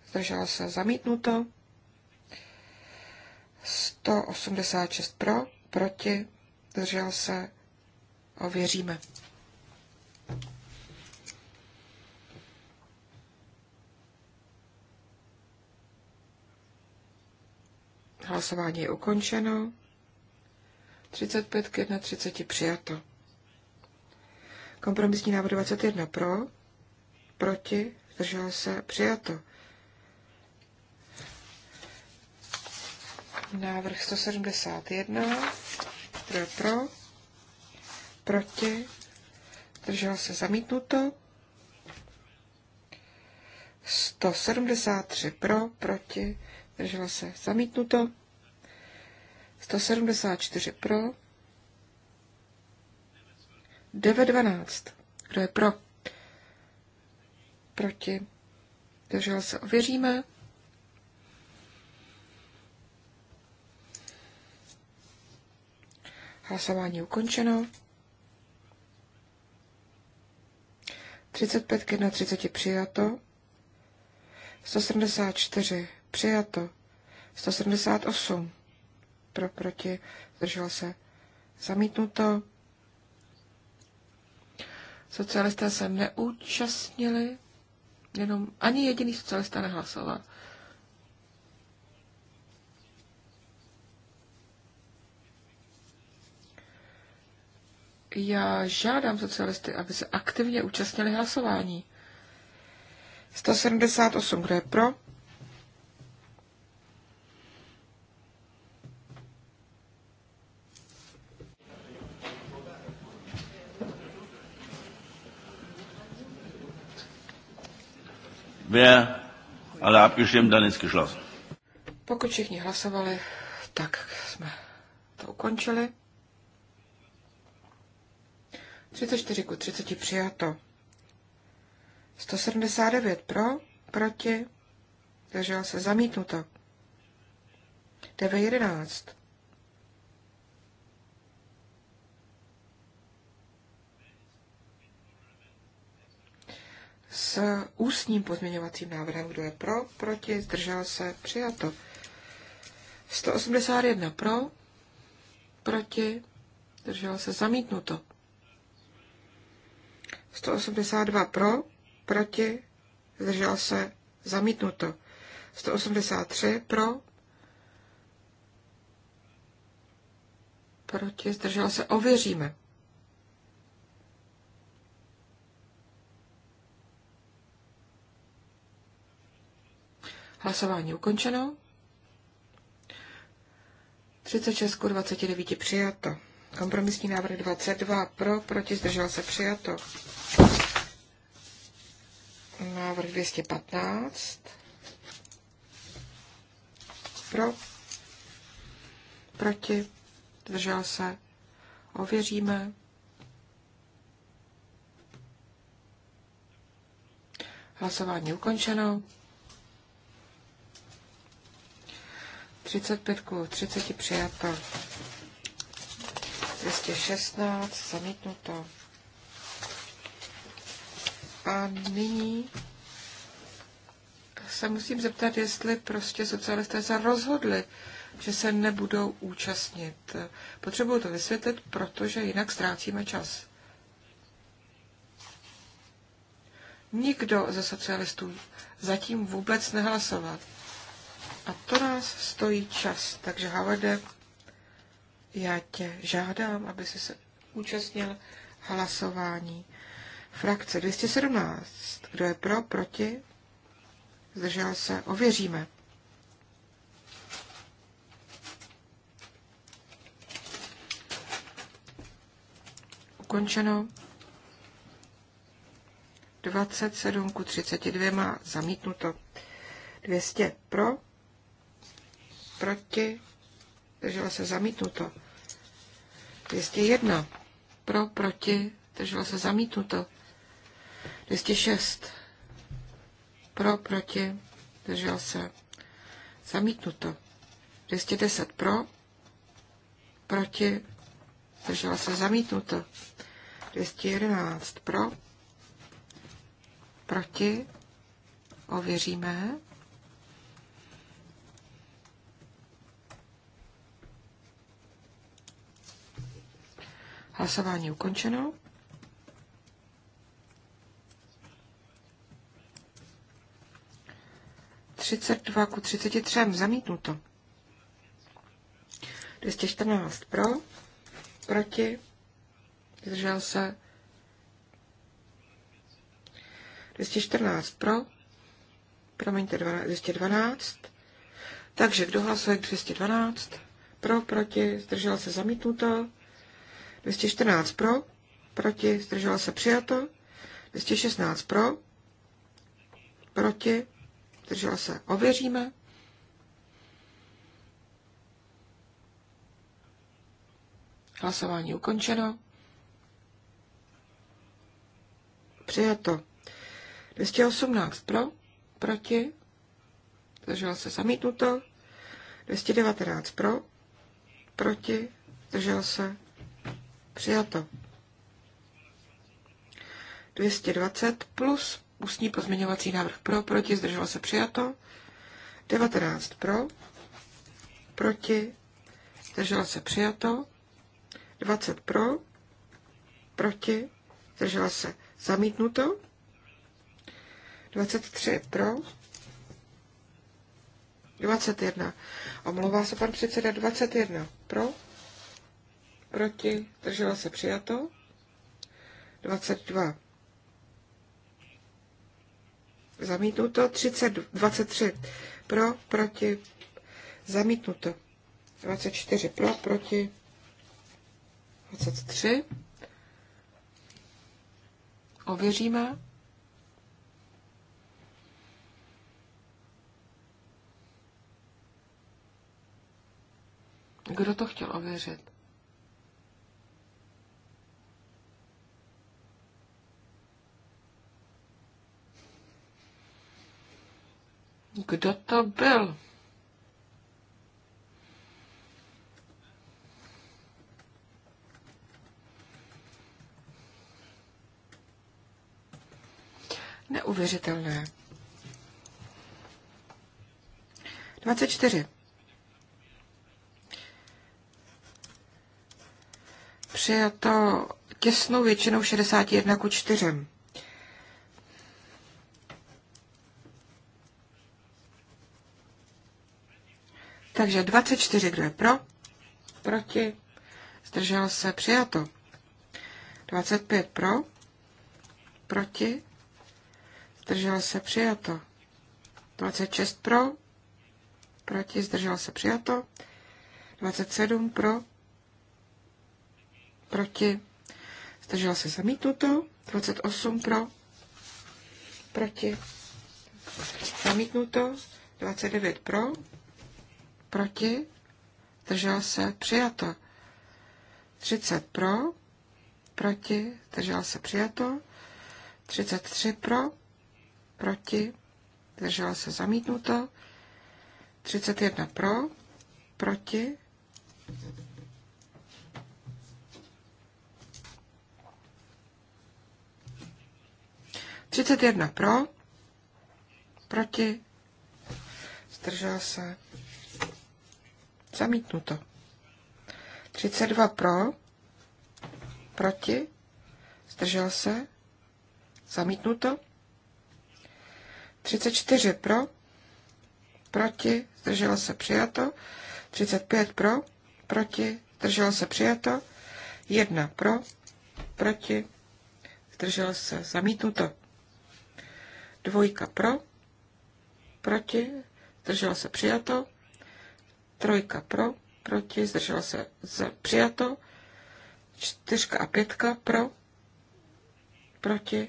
zdržel se, zamítnuto. 186 pro, proti, držel se, ověříme. Hlasování je ukončeno. 35 k 31 přijato. Kompromisní návrh 21 pro, proti, zdržel se, přijato. Návrh 171. Kdo je pro? Proti? Držel se zamítnuto. 173 pro, proti, drželo se zamítnuto. 174 pro. 912. Kdo je pro? Proti. Držel se ověříme. Hlasování ukončeno. 35 k 30 přijato. 174 přijato. 178 pro proti zdržel se zamítnuto. Socialisté se neúčastnili, jenom ani jediný socialista nehlasoval. já žádám socialisty, aby se aktivně účastnili hlasování. 178, kdo je pro? Wer alle abgestimmt, dann ist geschlossen. Pokud všichni hlasovali, tak jsme to ukončili. 34 ku 30 přijato. 179 pro, proti, zdržel se zamítnuto. 911. S ústním pozměňovacím návrhem, kdo je pro, proti, zdržel se, přijato. 181 pro, proti, zdržel se, zamítnuto. 182 pro, proti, zdržel se, zamítnuto. 183 pro, proti, zdržel se, ověříme. Hlasování ukončeno. 36 29 přijato. Kompromisní návrh 22 pro, proti zdržel se přijato. Návrh 215 pro, proti zdržel se. Ověříme. Hlasování ukončeno. 35 ku 30 přijato. 216, zamítnuto. A nyní se musím zeptat, jestli prostě socialisté se rozhodli, že se nebudou účastnit. Potřebuju to vysvětlit, protože jinak ztrácíme čas. Nikdo ze socialistů zatím vůbec nehlasoval. A to nás stojí čas. Takže Havede, já tě žádám, aby si se účastnil hlasování. Frakce 217. Kdo je pro, proti? Zdržel se? Ověříme. Ukončeno. 27 ku 32 má zamítnuto. 200 pro, proti, zdržel se zamítnuto. 201. Pro, proti, drželo se zamítnuto. 206. Pro, proti, držel se zamítnuto. 210 pro, proti, držel se zamítnuto. 211 pro, proti, ověříme. Hlasování ukončeno. Třicet dva ku třiceti třem. Zamítnuto. 214 pro, proti, zdržel se. 214 pro, promiňte, 212. Takže kdo hlasuje k 212? Pro, proti, zdržel se zamítnuto. 214 pro, proti, zdržela se přijato. 216 pro, proti, zdržela se ověříme. Hlasování ukončeno. Přijato. 218 pro, proti, zdržela se zamítnuto. 219 pro, proti, zdržela se Přijato. 220 plus ústní pozměňovací návrh pro, proti, zdrželo se přijato. 19 pro, proti, zdrželo se přijato. 20 pro, proti, zdrželo se zamítnuto. 23 pro, 21. Omlouvá se pan předseda 21 pro, proti, držela se přijato. 22. Zamítnuto. 30, 23. Pro, proti, zamítnuto. 24 pro, proti, 23. Ověříme. Kdo to chtěl ověřit? Kdo to byl? Neuvěřitelné. 24. Přijato těsnou většinou 61 ku 4. Takže 24, kdo je pro, proti, Zdrželo se, přijato. 25 pro, proti, Zdrželo se, přijato. 26 pro, proti, Zdrželo se, přijato. 27 pro, proti, Zdrželo se, zamítnuto. 28 pro, proti, zamítnuto. 29 pro, proti, držel se, přijato. 30 pro, proti, držel se, přijato. 33 pro, proti, držel se, zamítnuto. 31 pro, proti, Třicet jedna pro, proti, zdržel se, Zamítnuto. 32 pro, proti, zdržel se, zamítnuto. 34 pro, proti, zdržel se, přijato. 35 pro, proti, zdržel se, přijato. 1 pro, proti, zdržel se, zamítnuto. Dvojka pro, proti, zdržel se, přijato. Trojka pro, proti, zdrželo se z přijato. Čtyřka a pětka pro, proti,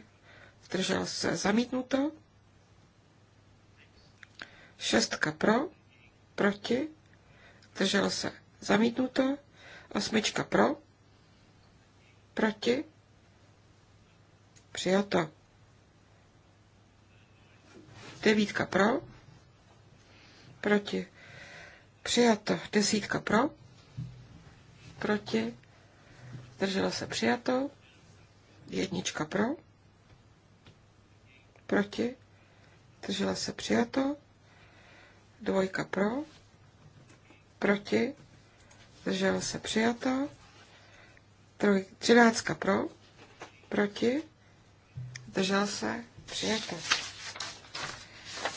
zdržela se zamítnuto. Šestka pro, proti, zdrželo se zamítnuto. Osmička pro, proti, přijato. Devítka pro, proti, Přijato. Desítka pro. Proti. Zdrželo se přijato. Jednička pro. Proti. Zdržela se přijato. Dvojka pro. Proti. Zdržela se přijato. Troj, třináctka pro. Proti. Zdržela se přijato.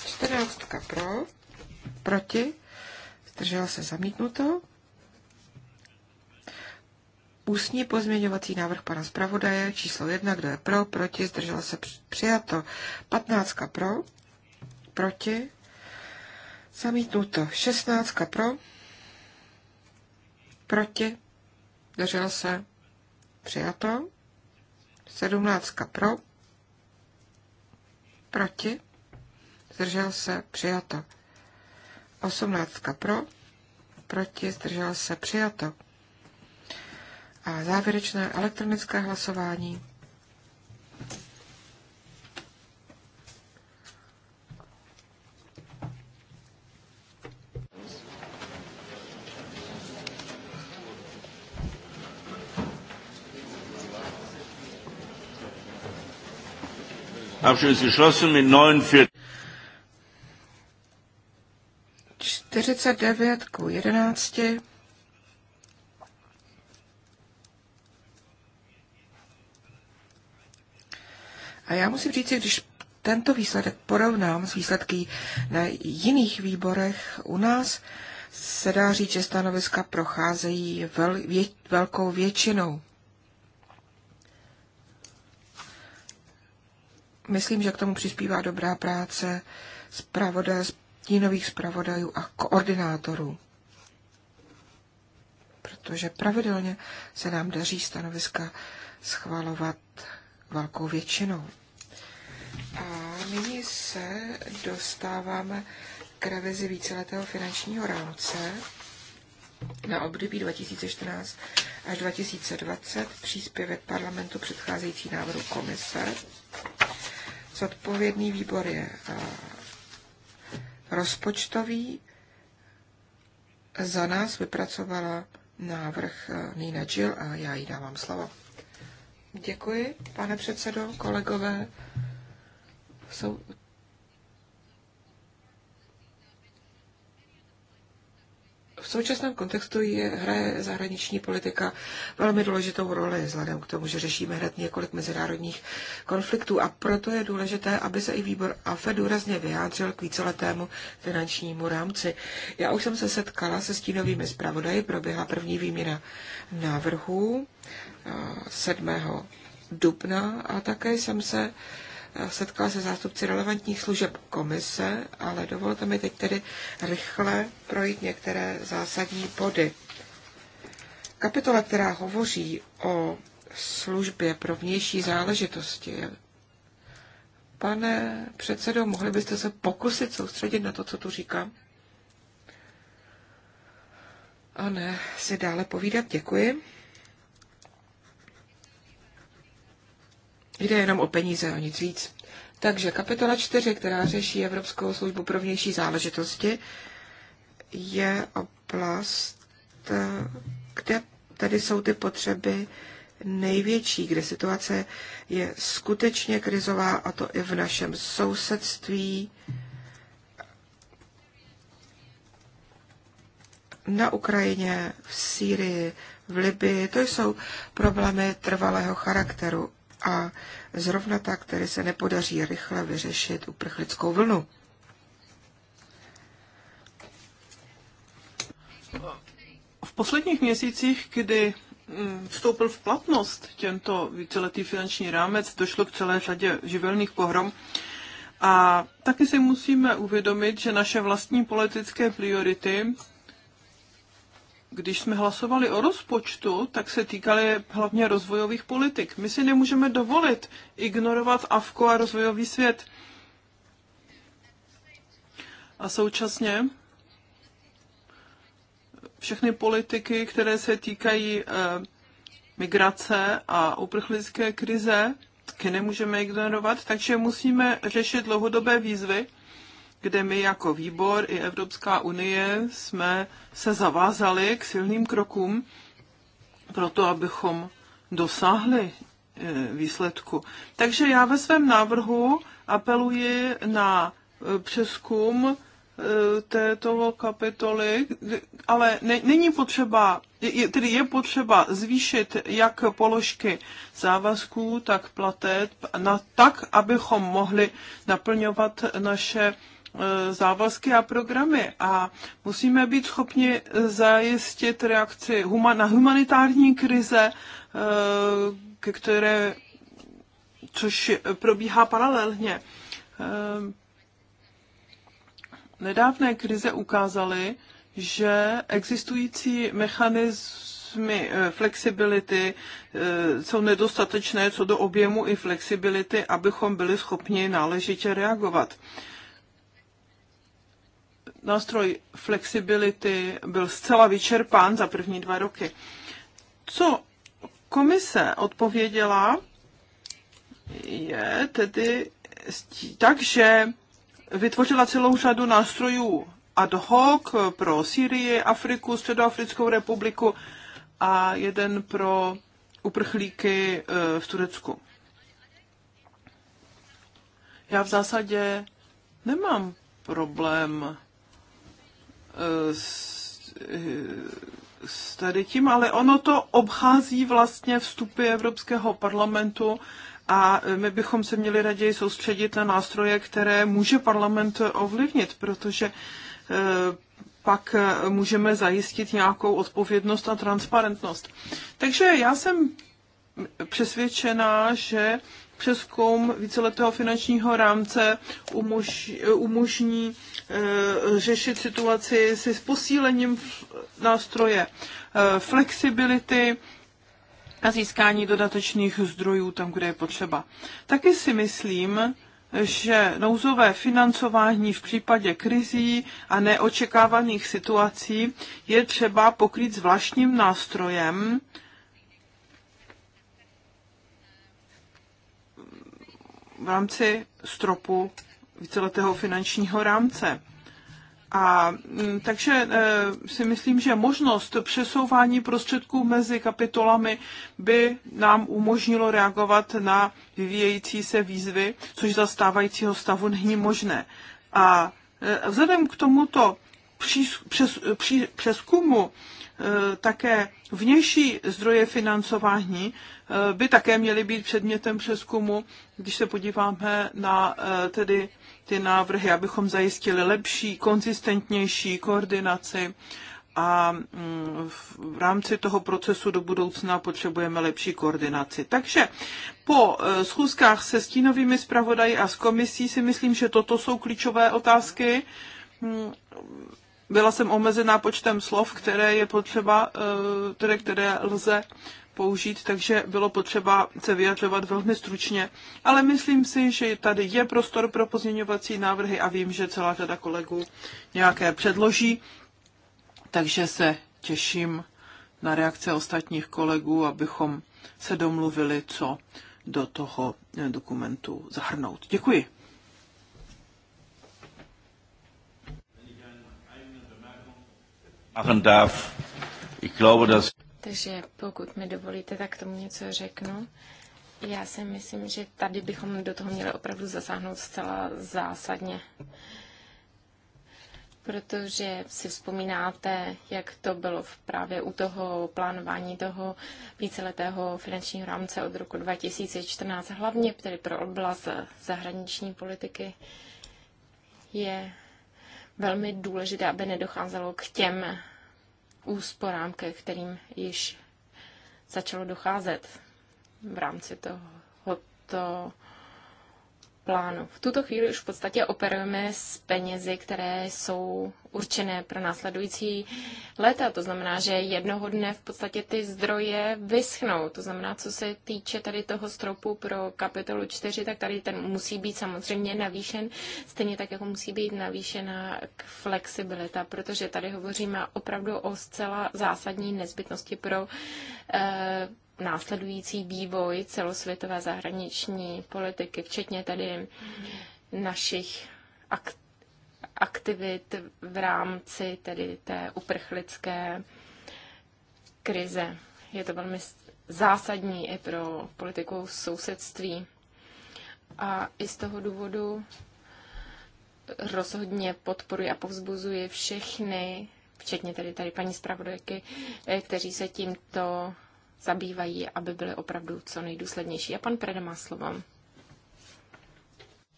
Čtrnáctka pro. Proti zdržela se zamítnuto. Ústní pozměňovací návrh pana zpravodaje číslo 1, kdo je pro, proti, zdržela se přijato. 15 pro, proti, zamítnuto. 16 pro, proti, zdržela se přijato. 17 pro, proti, zdržel se přijato. 18 pro, proti, zdržel se, přijato. A závěrečné elektronické hlasování. Abschließend geschlossen mit 49. 49 ku 11. A já musím říct, když tento výsledek porovnám s výsledky na jiných výborech u nás, se dá říct, že stanoviska procházejí vel, vě, velkou většinou. Myslím, že k tomu přispívá dobrá práce zpravodaje, stínových zpravodajů a koordinátorů. Protože pravidelně se nám daří stanoviska schvalovat velkou většinou. A nyní se dostáváme k revizi víceletého finančního rámce na období 2014 až 2020 příspěvek parlamentu předcházející návrhu komise. Zodpovědný výbor je eh, rozpočtový za nás vypracovala návrh eh, Nina Jill a já jí dávám slovo. Děkuji, pane předsedo, kolegové. Jsou V současném kontextu je, hraje zahraniční politika velmi důležitou roli, vzhledem k tomu, že řešíme hned několik mezinárodních konfliktů a proto je důležité, aby se i výbor AFE důrazně vyjádřil k víceletému finančnímu rámci. Já už jsem se setkala se stínovými zpravodaji, proběhla první výměna návrhů 7. Eh, dubna a také jsem se Eh, setkala se zástupci relevantních služeb komise, ale dovolte mi teď tedy rychle projít některé zásadní body. Kapitola, která hovoří o službě pro vnější záležitosti, Pane předsedo, mohli byste se pokusit soustředit na to, co tu říkám? A ne, si dále povídat, děkuji. Jde jenom o peníze, o nic víc. Takže kapitola 4, která řeší Evropskou službu pro vnější záležitosti, je oblast, kde tady jsou ty potřeby největší, kde situace je skutečně krizová, a to i v našem sousedství, na Ukrajině, v Sýrii, v Libii. To jsou problémy trvalého charakteru a zrovna tak které se nepodaří rychle vyřešit uprchlickou vlnu. V posledních měsících, kdy mm, vstoupil v platnost tento víceletý finanční rámec, došlo k celé řadě živelných pohrom. A taky si musíme uvědomit, že naše vlastní politické priority když jsme hlasovali o rozpočtu, tak se týkaly hlavně rozvojových politik. My si nemůžeme dovolit ignorovat AFKO a rozvojový svět. A současně všechny politiky, které se týkají eh, migrace a uprchlické krize, taky nemůžeme ignorovat, takže musíme řešit dlouhodobé výzvy kde my jako výbor i Evropská unie jsme se zavázali k silným krokům pro to, abychom dosáhli e, výsledku. Takže já ve svém návrhu apeluji na e, přeskum e, této kapitoly, ale ne, není potřeba, je, tedy je potřeba zvýšit jak položky závazků, tak platet, na, tak, abychom mohli naplňovat naše E, závazky a programy a musíme být schopni zajistit reakci na humanitární krize, e, ke které, což probíhá paralelně. E, nedávné krize ukázaly, že existující mechanismy flexibility jsou nedostatečné co do objemu i flexibility, abychom byli schopni náležitě reagovat nástroj flexibility byl zcela vyčerpán za první dva roky. Co komise odpověděla, je tedy tak, že vytvořila celou řadu nástrojů ad hoc pro Syrii, Afriku, Středoafrickou republiku a jeden pro uprchlíky e, v Turecku. Já v zásadě nemám problém Eh, s, eh, s tady tím, ale ono to obchází vlastně vstupy Evropského parlamentu a my bychom se měli raději soustředit na nástroje, které může parlament ovlivnit, protože eh, pak můžeme zajistit nějakou odpovědnost a transparentnost. Takže já jsem přesvědčená, že přeskoum víceletého finančního rámce umož, umožní e, řešit situaci si s posílením nástroje e, flexibility a získání dodatečných zdrojů tam, kde je potřeba. Taky si myslím, že nouzové financování v případě krizí a neočekávaných situací je třeba pokrýt zvláštním nástrojem, v rámci stropu víceletého finančního rámce. A mm, takže e, si myslím, že možnost přesouvání prostředků mezi kapitolami by nám umožnilo reagovat na vyvíjející se výzvy, což za stávajícího stavu není možné. A e, vzhledem k tomuto přes, přes, přeskumu Eh, také vnější zdroje financování eh, by také měly být předmětem přeskumu, když se podíváme na eh, tedy ty návrhy, abychom zajistili lepší, konzistentnější koordinaci a mm, v rámci toho procesu do budoucna potřebujeme lepší koordinaci. Takže po schůzkách se stínovými zpravodaji a s komisí si myslím, že toto jsou klíčové otázky hmm, byla jsem omezená počtem slov, které je potřeba, eh, které, které lze použít, takže bylo potřeba se vyjadřovat velmi stručně. Ale myslím si, že tady je prostor pro pozměňovací návrhy a vím, že celá řada kolegů nějaké předloží, takže se těším na reakce ostatních kolegů, abychom se domluvili, co do toho dokumentu zahrnout. Děkuji. Takže pokud mi dovolíte, tak tomu něco řeknu. Já si myslím, že tady bychom do toho měli opravdu zasáhnout zcela zásadně. Protože si vzpomínáte, jak to bylo právě u toho plánování toho víceletého finančního rámce od roku 2014, hlavně tedy pro oblast zahraniční politiky, je velmi důležité, aby nedocházelo k těm úsporám, ke kterým již začalo docházet v rámci tohoto plánu. V tuto chvíli už v podstatě operujeme s penězi, které jsou určené pro následující léta. To znamená, že jednoho dne v podstatě ty zdroje vyschnou. To znamená, co se týče tady toho stropu pro kapitolu 4, tak tady ten musí být samozřejmě navýšen, stejně tak, jako musí být navýšena flexibilita, protože tady hovoříme opravdu o zcela zásadní nezbytnosti pro eh, následující vývoj celosvětové zahraniční politiky, včetně tady našich aktivit v rámci tedy té uprchlické krize. Je to velmi zásadní i pro politiku sousedství. A i z toho důvodu rozhodně podporuji a povzbuzuji všechny, včetně tedy tady paní zpravodajky, eh, kteří se tímto zabývají, aby byly opravdu co nejdůslednější. A pan Preda má slovo.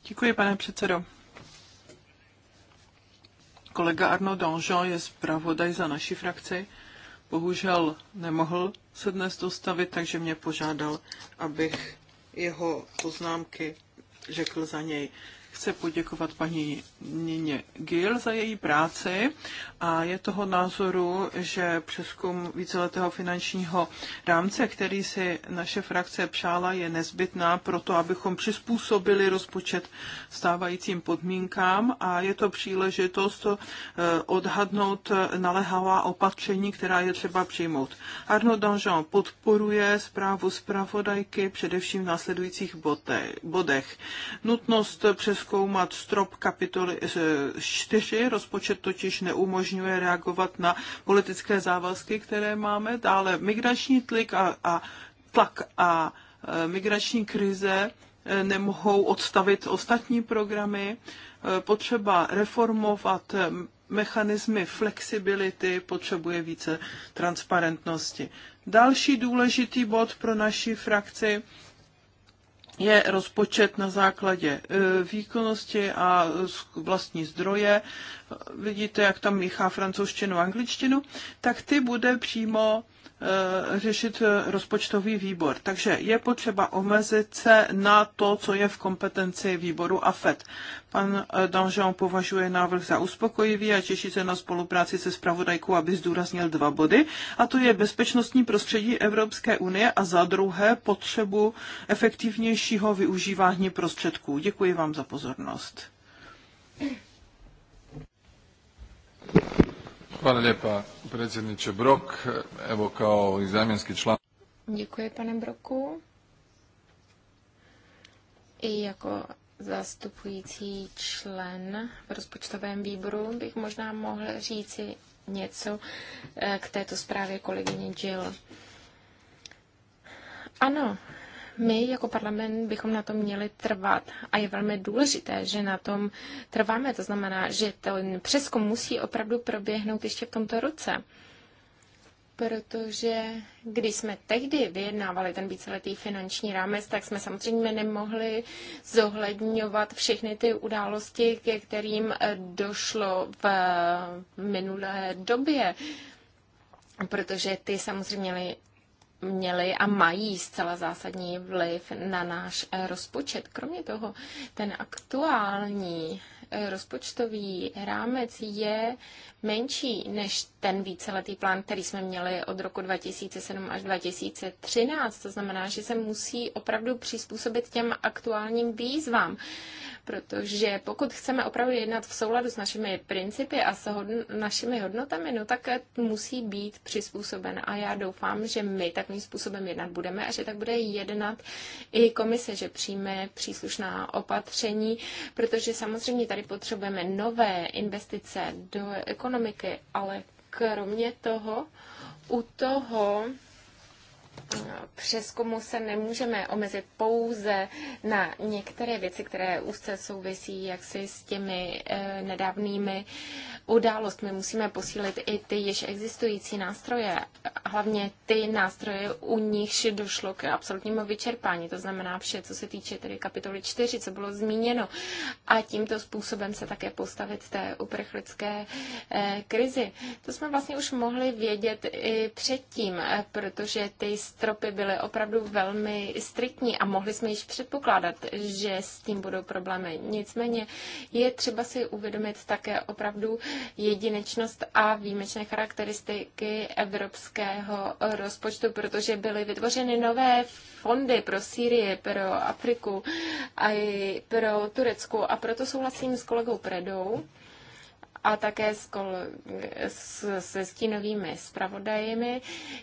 Děkuji, pane předsedo. Kolega Arno Donjon je zpravodaj za naši frakci. Bohužel nemohl se dnes dostavit, takže mě požádal, abych jeho poznámky řekl za něj chce poděkovat paní Nině Gil za její práci a je toho názoru, že přeskum víceletého finančního rámce, který si naše frakce přála, je nezbytná pro to, abychom přizpůsobili rozpočet stávajícím podmínkám a je to příležitost eh, odhadnout naléhavá opatření, která je třeba přijmout. Arnaud Danjean podporuje zprávu zpravodajky především v následujících bodech. Nutnost přes zkoumat strop kapitoly 4. Eh, Rozpočet totiž neumožňuje reagovat na politické závazky, které máme. Dále migrační tlak a, a, tlak a eh, migrační krize eh, nemohou odstavit ostatní programy. Potřeba reformovat mechanismy flexibility, potřebuje více transparentnosti. Další důležitý bod pro naši frakci je rozpočet na základě e, výkonnosti a vlastní zdroje. Vidíte, jak tam míchá francouzštinu a angličtinu, tak ty bude přímo Eh, řešit eh, rozpočtový výbor. Takže je potřeba omezit se na to, co je v kompetenci výboru a fed. Pan eh, Danžan považuje návrh za uspokojivý a těší se na spolupráci se spravodajkou, aby zdůraznil dva body, a to je bezpečnostní prostředí Evropské unie a za druhé potřebu efektivnějšího využívání prostředků. Děkuji vám za pozornost. Hvala lijepa predsjedniče Brok. Evo kao i zamjenski član. Děkuji, pane Broku. I jako zastupující člen v rozpočtovém výboru bych možná mohl říci něco eh, k této zprávě kolegyně Jill. Ano, my jako parlament bychom na tom měli trvat a je velmi důležité, že na tom trváme. To znamená, že ten přeskum musí opravdu proběhnout ještě v tomto roce. Protože když jsme tehdy vyjednávali ten víceletý finanční rámec, tak jsme samozřejmě nemohli zohledňovat všechny ty události, ke kterým eh, došlo v minulé době protože ty samozřejmě měly měly a mají zcela zásadní vliv na náš eh, rozpočet. Kromě toho, ten aktuální rozpočtový rámec je menší než ten víceletý plán, který jsme měli od roku 2007 až 2013. To znamená, že se musí opravdu přizpůsobit těm aktuálním výzvám, protože pokud chceme opravdu jednat v souladu s našimi principy a s hodn- našimi hodnotami, no tak musí být přizpůsoben. A já doufám, že my takovým způsobem jednat budeme a že tak bude jednat i komise, že přijme příslušná opatření, protože samozřejmě tady tady potřebujeme nové investice do ekonomiky, ale kromě toho u toho přeskumu se nemůžeme omezit pouze na některé věci, které úzce souvisí jaksi s těmi eh, nedávnými událostmi. Musíme posílit i ty již existující nástroje, hlavně ty nástroje, u nichž došlo k absolutnímu vyčerpání, to znamená vše, co se týče tedy kapitoly 4, co bylo zmíněno. A tímto způsobem se také postavit té uprchlické eh, krizi. To jsme vlastně už mohli vědět i předtím, eh, protože ty stropy byly opravdu velmi striktní a mohli jsme již předpokládat, že s tím budou problémy. Nicméně je třeba si uvědomit také opravdu jedinečnost a výjimečné charakteristiky evropského rozpočtu, protože byly vytvořeny nové fondy pro Sýrii, pro Afriku a i pro Turecku. A proto souhlasím s kolegou Predou, a také s, kol, s, se stínovými zpravodajemi,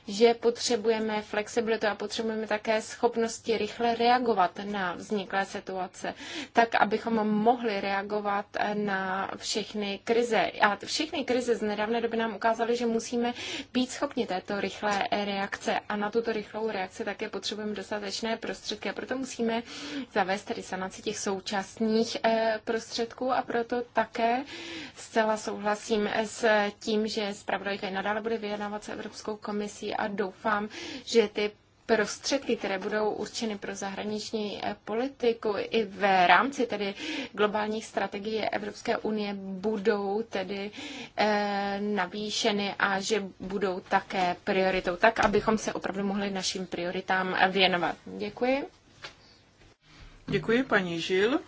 že potřebujeme flexibilitu a potřebujeme také schopnosti rychle reagovat na vzniklé situace, tak abychom mohli reagovat na všechny krize. A všechny krize z nedávné doby nám ukázaly, že musíme být schopni této rychlé reakce a na tuto rychlou reakci také potřebujeme dostatečné prostředky a proto musíme zavést tedy sanaci těch současných eh, prostředků a proto také zcela zcela souhlasím s tím, že zpravodajka i nadále bude vyjednávat s Evropskou komisí a doufám, že ty prostředky, které budou určeny pro zahraniční eh, politiku i v rámci tedy globálních strategií Evropské unie budou tedy e, navýšeny a že budou také prioritou, tak abychom se opravdu mohli našim prioritám věnovat. Děkuji. Děkuji, paní Žil.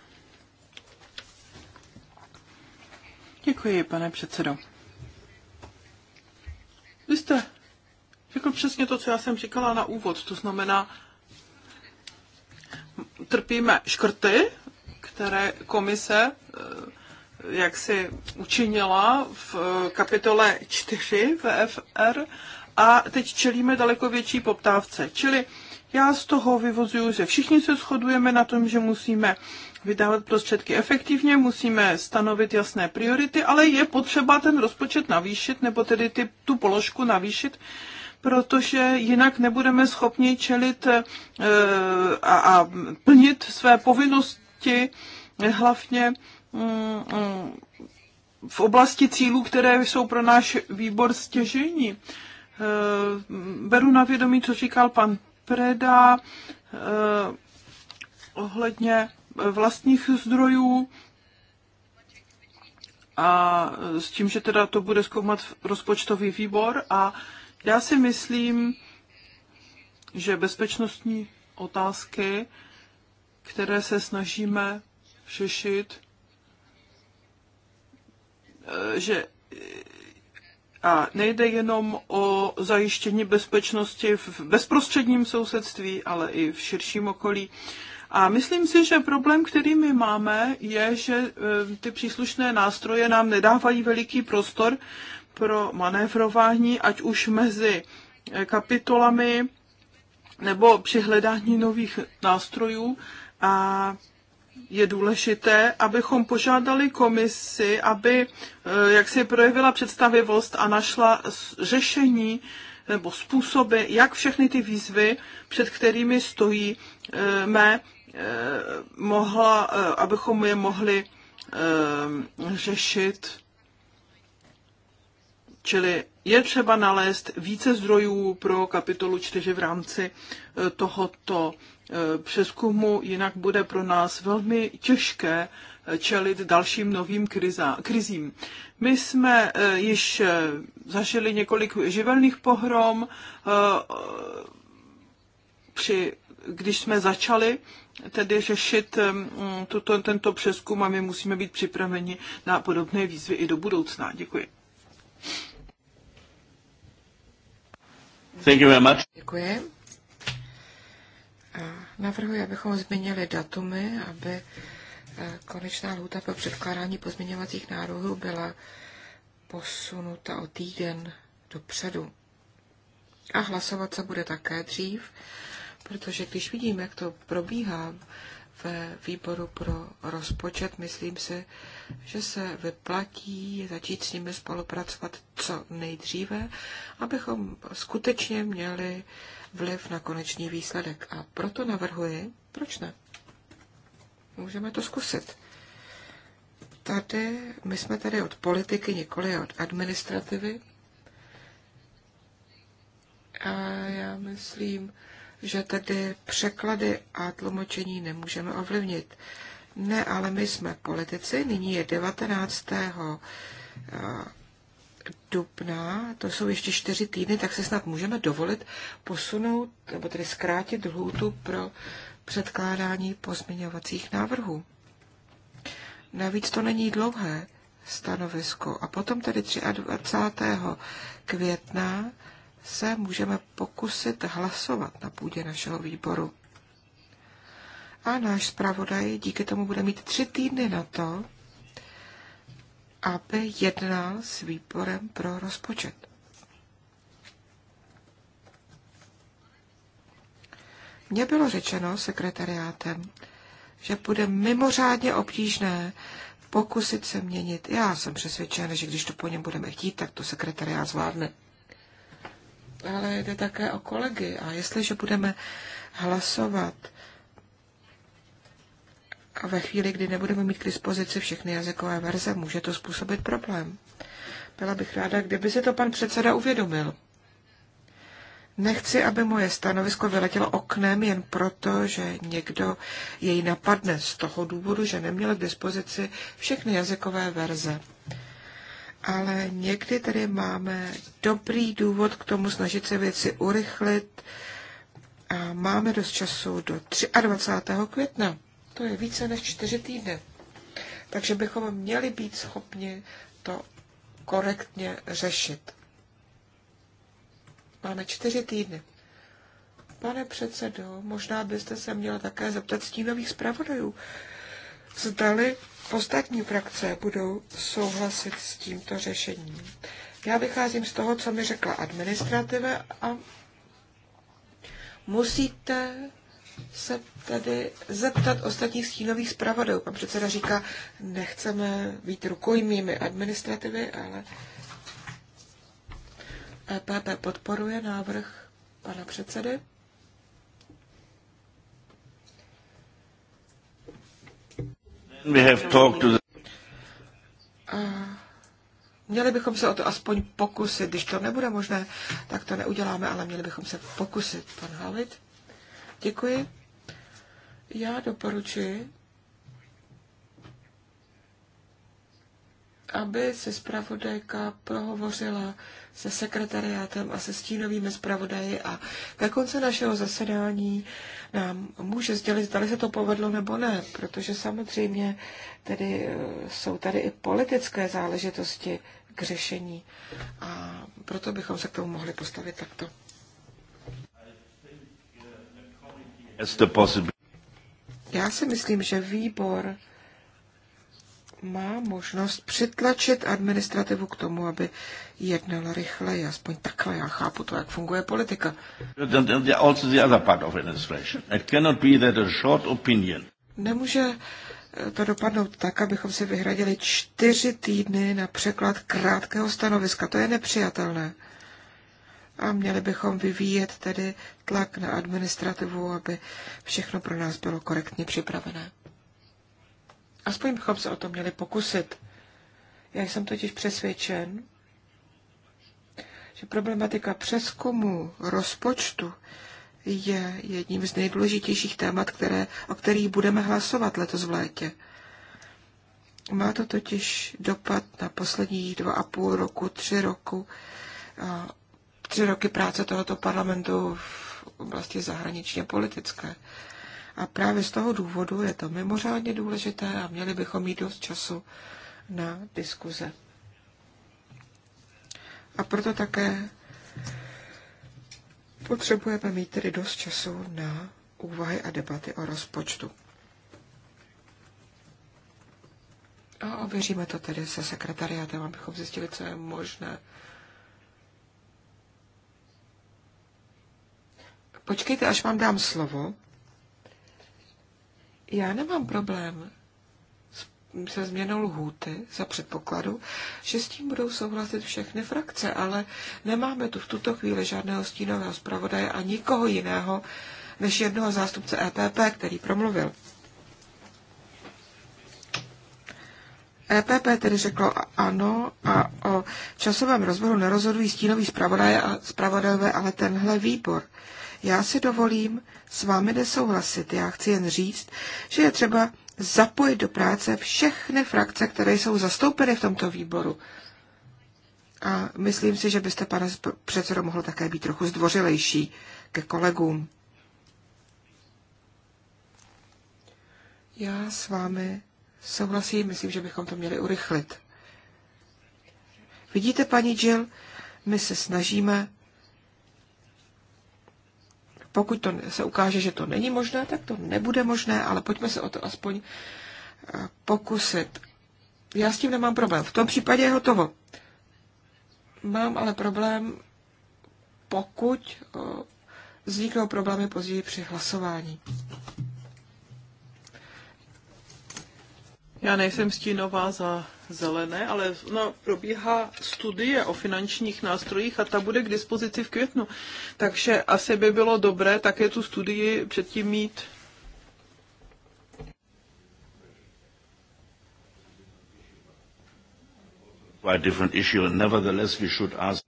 Děkuji, pane předsedo. Vy jste řekl přesně to, co já jsem říkala na úvod. To znamená, trpíme škrty, které komise eh, jak si učinila v eh, kapitole 4 VFR a teď čelíme daleko větší poptávce. Čili já z toho vyvozuju, že všichni se shodujeme na tom, že musíme vydávat prostředky efektivně, musíme stanovit jasné priority, ale je potřeba ten rozpočet navýšit, nebo tedy ty, tu položku navýšit, protože jinak nebudeme schopni čelit e, a, a plnit své povinnosti, eh, hlavně mm, mm, v oblasti cílů, které jsou pro náš výbor stěžení. E, eh, beru na vědomí, co říkal pan Preda e, ohledně vlastních zdrojů a s tím, že teda to bude zkoumat rozpočtový výbor a já si myslím, že bezpečnostní otázky, které se snažíme řešit, eh, že eh, a nejde jenom o zajištění bezpečnosti v bezprostředním sousedství, ale i v širším okolí, a myslím si, že problém, který my máme, je, že eh, ty příslušné nástroje nám nedávají veliký prostor pro manévrování, ať už mezi eh, kapitolami nebo při hledání nových nástrojů. A je důležité, abychom požádali komisi, aby eh, jak si projevila představivost a našla řešení nebo způsoby, jak všechny ty výzvy, před kterými stojíme, Eh, mohla, eh, abychom je mohli eh, řešit. Čili je třeba nalézt více zdrojů pro kapitolu 4 v rámci tohoto přeskumu, jinak bude pro nás velmi těžké čelit dalším novým kriza, krizím. My jsme již zažili několik živelných pohrom, při, když jsme začali tedy řešit tuto, tento přeskum a my musíme být připraveni na podobné výzvy i do budoucna. Děkuji. Thank you very much. Děkuji. Navrhuji, abychom změnili datumy, aby eh, konečná lhůta pro předkládání pozměňovacích nároků byla posunuta o týden dopředu. A hlasovat se bude také dřív, Protože když vidím, jak to probíhá ve výboru pro rozpočet, myslím si, že se vyplatí začít s nimi spolupracovat co nejdříve, abychom skutečně měli vliv na konečný výsledek. A proto navrhuji, proč ne? Můžeme to zkusit. Tady, my jsme tady od politiky, nikoli od administrativy. A já myslím, že tedy překlady a tlumočení nemůžeme ovlivnit. Ne, ale my jsme politici, nyní je 19. Eh, dubna, to jsou ještě čtyři týdny, tak se snad můžeme dovolit posunout, nebo tedy zkrátit lhůtu pro předkládání pozměňovacích návrhů. Navíc to není dlouhé stanovisko. A potom tedy 23. května se můžeme pokusit hlasovat na půdě našeho výboru. A náš zpravodaj díky tomu bude mít tři týdny na to, aby jednal s výborem pro rozpočet. Mně bylo řečeno sekretariátem, že bude mimořádně obtížné pokusit se měnit. Já jsem přesvědčen, že když to po něm budeme chtít, tak to sekretariát zvládne ale jde také o kolegy. A jestliže budeme hlasovat a ve chvíli, kdy nebudeme mít k dispozici všechny jazykové verze, může to způsobit problém. Byla bych ráda, kdyby si to pan předseda uvědomil. Nechci, aby moje stanovisko vyletělo oknem jen proto, že někdo jej napadne z toho důvodu, že neměl k dispozici všechny jazykové verze ale někdy tady máme dobrý důvod k tomu snažit se věci urychlit a máme dost času do 23. května. To je více než čtyři týdny. Takže bychom měli být schopni to korektně řešit. Máme čtyři týdny. Pane předsedo, možná byste se měl také zeptat stínových zpravodajů. Zdali ostatní frakce budou souhlasit s tímto řešením. Já vycházím z toho, co mi řekla administrativa a musíte se tedy zeptat ostatních stínových zpravodajů. Pan předseda říká, nechceme být rukojmými administrativy, ale EPP podporuje návrh pana předsedy. We have talked to the... Měli bychom se o to aspoň pokusit, když to nebude možné, tak to neuděláme, ale měli bychom se pokusit, pan Halit. Děkuji. Já doporučuji, aby se zpravodajka prohovořila se sekretariátem a se stínovými zpravodaji a ke konci našeho zasedání nám může sdělit, zda se to povedlo nebo ne, protože samozřejmě tedy eh, jsou tady i politické záležitosti k řešení a proto bychom se k tomu mohli postavit takto. Já si myslím, že výbor má možnost přitlačit administrativu k tomu, aby jednala rychleji. Aspoň takhle já chápu to, jak funguje politika. Also the other part of administration. It cannot be that a short opinion. Nemůže eh, to dopadnout tak, abychom si vyhradili čtyři týdny na překlad krátkého stanoviska. To je nepřijatelné. A měli bychom vyvíjet tedy tlak na administrativu, aby všechno pro nás bylo korektně připravené. Aspoň bychom se o to měli pokusit. Já jsem totiž přesvědčen, že problematika přeskumu rozpočtu je jedním z nejdůležitějších témat, které, o kterých budeme hlasovat letos v létě. Má to totiž dopad na poslední dva a půl roku, tři roku, tři roky práce tohoto parlamentu v oblasti zahraničně politické. A právě z toho důvodu je to mimořádně důležité a měli bychom mít dost času na diskuze. A proto také potřebujeme mít tedy dost času na úvahy a debaty o rozpočtu. A ověříme to tedy se sekretariátem, abychom zjistili, co je možné. Počkejte, až vám dám slovo, já nemám problém se změnou lhůty za předpokladu, že s tím budou souhlasit všechny frakce, ale nemáme tu v tuto chvíli žádného stínového zpravodaje a nikoho jiného než jednoho zástupce EPP, který promluvil. EPP tedy řeklo ano a o časovém rozboru nerozhodují stínový zpravodaje a zpravodajové, ale tenhle výbor. Já si dovolím s vámi nesouhlasit. Já chci jen říct, že je třeba zapojit do práce všechny frakce, které jsou zastoupeny v tomto výboru. A myslím si, že byste, pane předsedo, mohl také být trochu zdvořilejší ke kolegům. Já s vámi souhlasím, myslím, že bychom to měli urychlit. Vidíte, paní Jill, my se snažíme pokud to se ukáže, že to není možné, tak to nebude možné, ale pojďme se o to aspoň eh, pokusit. Já s tím nemám problém. V tom případě je hotovo. Mám ale problém, pokud eh, vzniknou problémy později při hlasování. Já nejsem stínová za zelené, ale no, probíhá studie o finančních nástrojích a ta bude k dispozici v květnu. Takže asi by bylo dobré také tu studii předtím mít.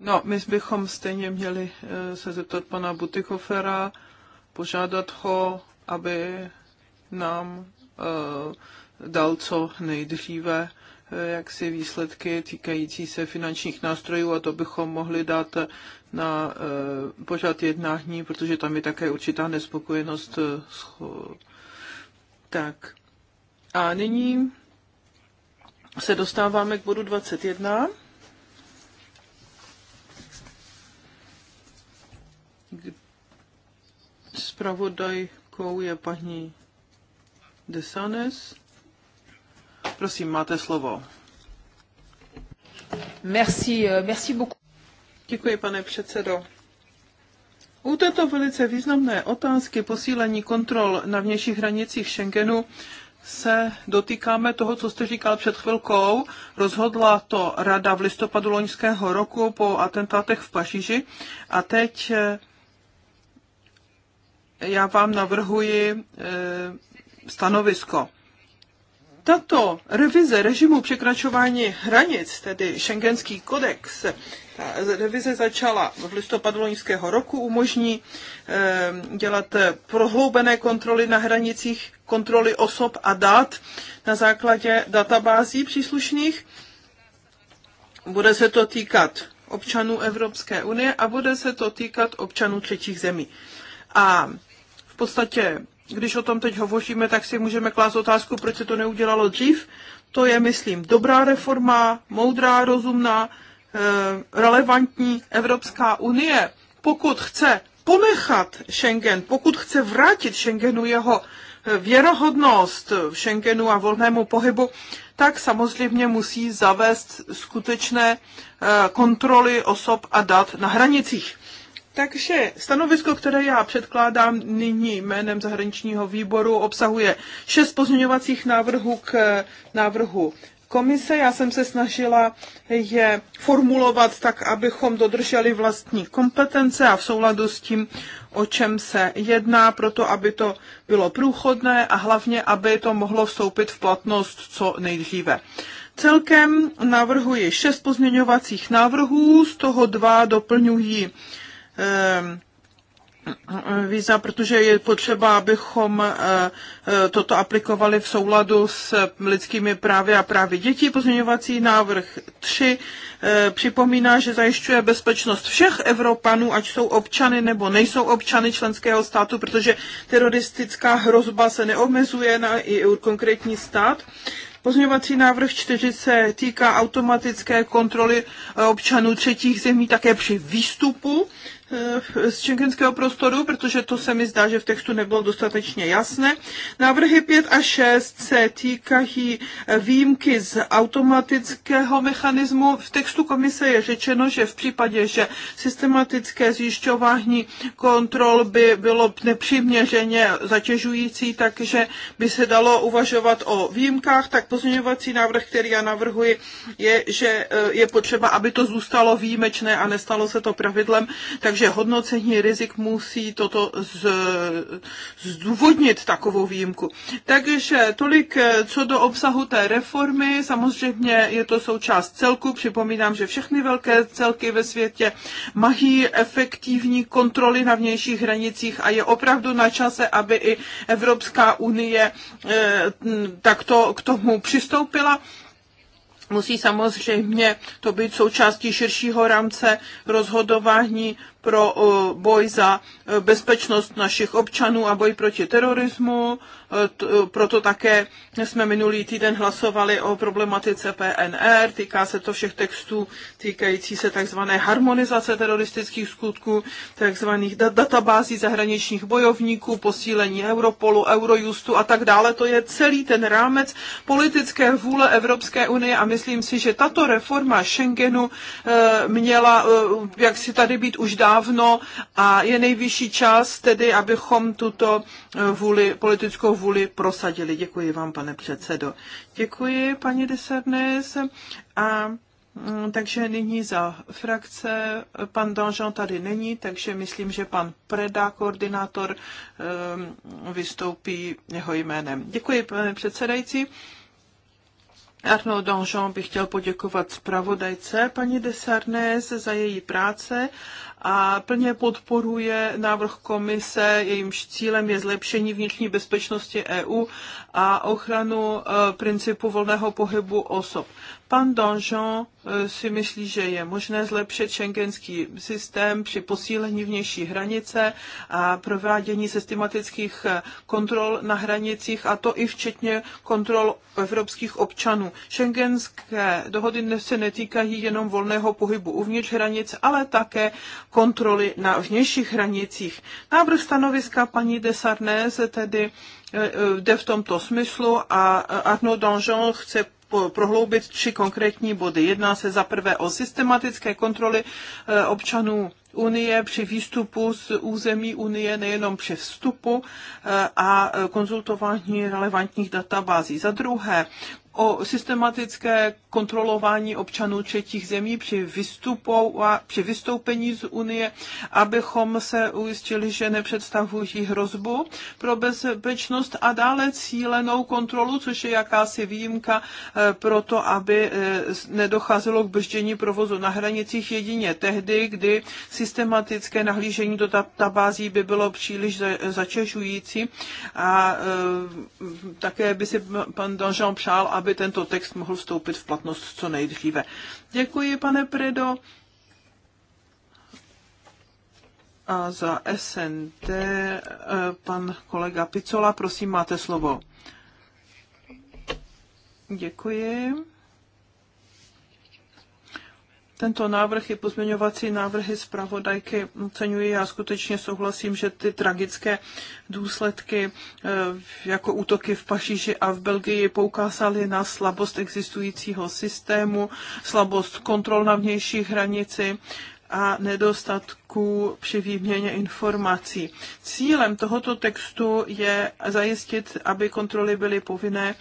No, my bychom stejně měli eh, se zeptat pana Butikofera, požádat ho, aby nám eh, dal co nejdříve eh, jaksi výsledky týkající se finančních nástrojů a to bychom mohli dát eh, na eh, pořad jednání, protože tam je také určitá nespokojenost. Tak. A nyní se dostáváme k bodu 21. Zpravodajkou je paní Desanes. Prosím, máte slovo. Merci, euh, merci beaucoup. Děkuji, pane předsedo. U této velice významné otázky posílení kontrol na vnějších hranicích Schengenu se dotýkáme toho, co jste říkal před chvilkou. Rozhodla to rada v listopadu loňského roku po atentátech v Paříži a teď eh, já vám navrhuji eh, stanovisko tato revize režimu překračování hranic, tedy šengenský kodex, ta revize začala v listopadu loňského roku, umožní eh, dělat prohloubené kontroly na hranicích, kontroly osob a dat na základě databází příslušných. Bude se to týkat občanů Evropské unie a bude se to týkat občanů třetích zemí. A v podstatě když o tom teď hovoříme, tak si můžeme klást otázku, proč se to neudělalo dřív. To je, myslím, dobrá reforma, moudrá, rozumná, eh, relevantní Evropská unie. Pokud chce ponechat Schengen, pokud chce vrátit Schengenu jeho eh, věrohodnost Schengenu a volnému pohybu, tak samozřejmě musí zavést skutečné eh, kontroly osob a dat na hranicích. Takže stanovisko, které já předkládám nyní jménem zahraničního výboru, obsahuje šest pozměňovacích návrhů k návrhu komise. Já jsem se snažila je formulovat tak, abychom dodrželi vlastní kompetence a v souladu s tím, o čem se jedná, proto aby to bylo průchodné a hlavně, aby to mohlo vstoupit v platnost co nejdříve. Celkem navrhuji šest pozměňovacích návrhů, z toho dva doplňují Ehm, víza, protože je potřeba, abychom eh, eh, toto aplikovali v souladu s lidskými právy a právy dětí. Pozměňovací návrh 3 eh, připomíná, že zajišťuje bezpečnost všech Evropanů, ať jsou občany nebo nejsou občany členského státu, protože teroristická hrozba se neomezuje na i konkrétní stát. Pozměňovací návrh 4 se týká automatické kontroly občanů třetích zemí také při výstupu Eh, z šengenského prostoru, protože to se mi zdá, že v textu nebylo dostatečně jasné. Návrhy 5 a 6 se týkají eh, výjimky z automatického mechanismu. V textu komise je řečeno, že v případě, že systematické zjišťování kontrol by bylo nepřiměřeně zatěžující, takže by se dalo uvažovat o výjimkách, tak pozměňovací návrh, který já navrhuji, je, že eh, je potřeba, aby to zůstalo výjimečné a nestalo se to pravidlem, takže že hodnocení rizik musí toto z, zdůvodnit takovou výjimku. Takže tolik eh, co do obsahu té reformy. Samozřejmě je to součást celku. Připomínám, že všechny velké celky ve světě mají efektivní kontroly na vnějších hranicích a je opravdu na čase, aby i Evropská unie eh, takto k tomu přistoupila. Musí samozřejmě to být součástí širšího rámce rozhodování pro eh, boj za eh, bezpečnost našich občanů a boj proti terorismu. Eh, proto také jsme minulý týden hlasovali o problematice PNR. Týká se to všech textů týkající se takzvané harmonizace teroristických skutků, takzvaných databází zahraničních bojovníků, posílení Europolu, Eurojustu a tak dále. To je celý ten rámec politické vůle Evropské unie a myslím si, že tato reforma Schengenu měla jak si tady být už dále dávno a je nejvyšší čas tedy, abychom tuto eh, vůli, politickou vůli prosadili. Děkuji vám, pane předsedo. Děkuji, paní Desernes. A mm, takže nyní za frakce, eh, pan Danjean tady není, takže myslím, že pan Preda, koordinátor, eh, vystoupí jeho jménem. Děkuji, pane předsedající. Arnaud Danjean bych chtěl poděkovat zpravodajce paní Desarnés za její práce a plně podporuje návrh komise, jejímž cílem je zlepšení vnitřní bezpečnosti EU a ochranu eh, principu volného pohybu osob. Pan Donjon eh, si myslí, že je možné zlepšit šengenský systém při posílení vnější hranice a provádění systematických eh, kontrol na hranicích, a to i včetně kontrol evropských občanů. Šengenské dohody se netýkají jenom volného pohybu uvnitř hranic, ale také kontroly na vnějších hranicích. Návrh stanoviska paní Desarnéze tedy Eh, jde v tomto smyslu a Arnaud Dangean chce prohloubit tři konkrétní body. Jedná se za prvé o systematické kontroly eh, občanů Unie při výstupu z území Unie, nejenom při vstupu eh, a konzultování relevantních databází. Za druhé, o systematické kontrolování občanů třetích zemí při, a při vystoupení z Unie, abychom se ujistili, že nepředstavují hrozbu pro bezpečnost a dále cílenou kontrolu, což je jakási výjimka eh, pro to, aby eh, nedocházelo k brždění provozu na hranicích jedině tehdy, kdy systematické nahlížení do databází by bylo příliš zatěžující a eh, také by si pan Donjon přál, aby aby tento text mohl vstoupit v platnost co nejdříve. Děkuji, pane Predo. A za SND eh, pan kolega Picola, prosím, máte slovo. Děkuji tento návrh i pozměňovací návrhy zpravodajky oceňuji. Já skutečně souhlasím, že ty tragické důsledky e, jako útoky v Paříži a v Belgii poukázaly na slabost existujícího systému, slabost kontrol na vnější hranici a nedostatků při výměně informací. Cílem tohoto textu je zajistit, aby kontroly byly povinné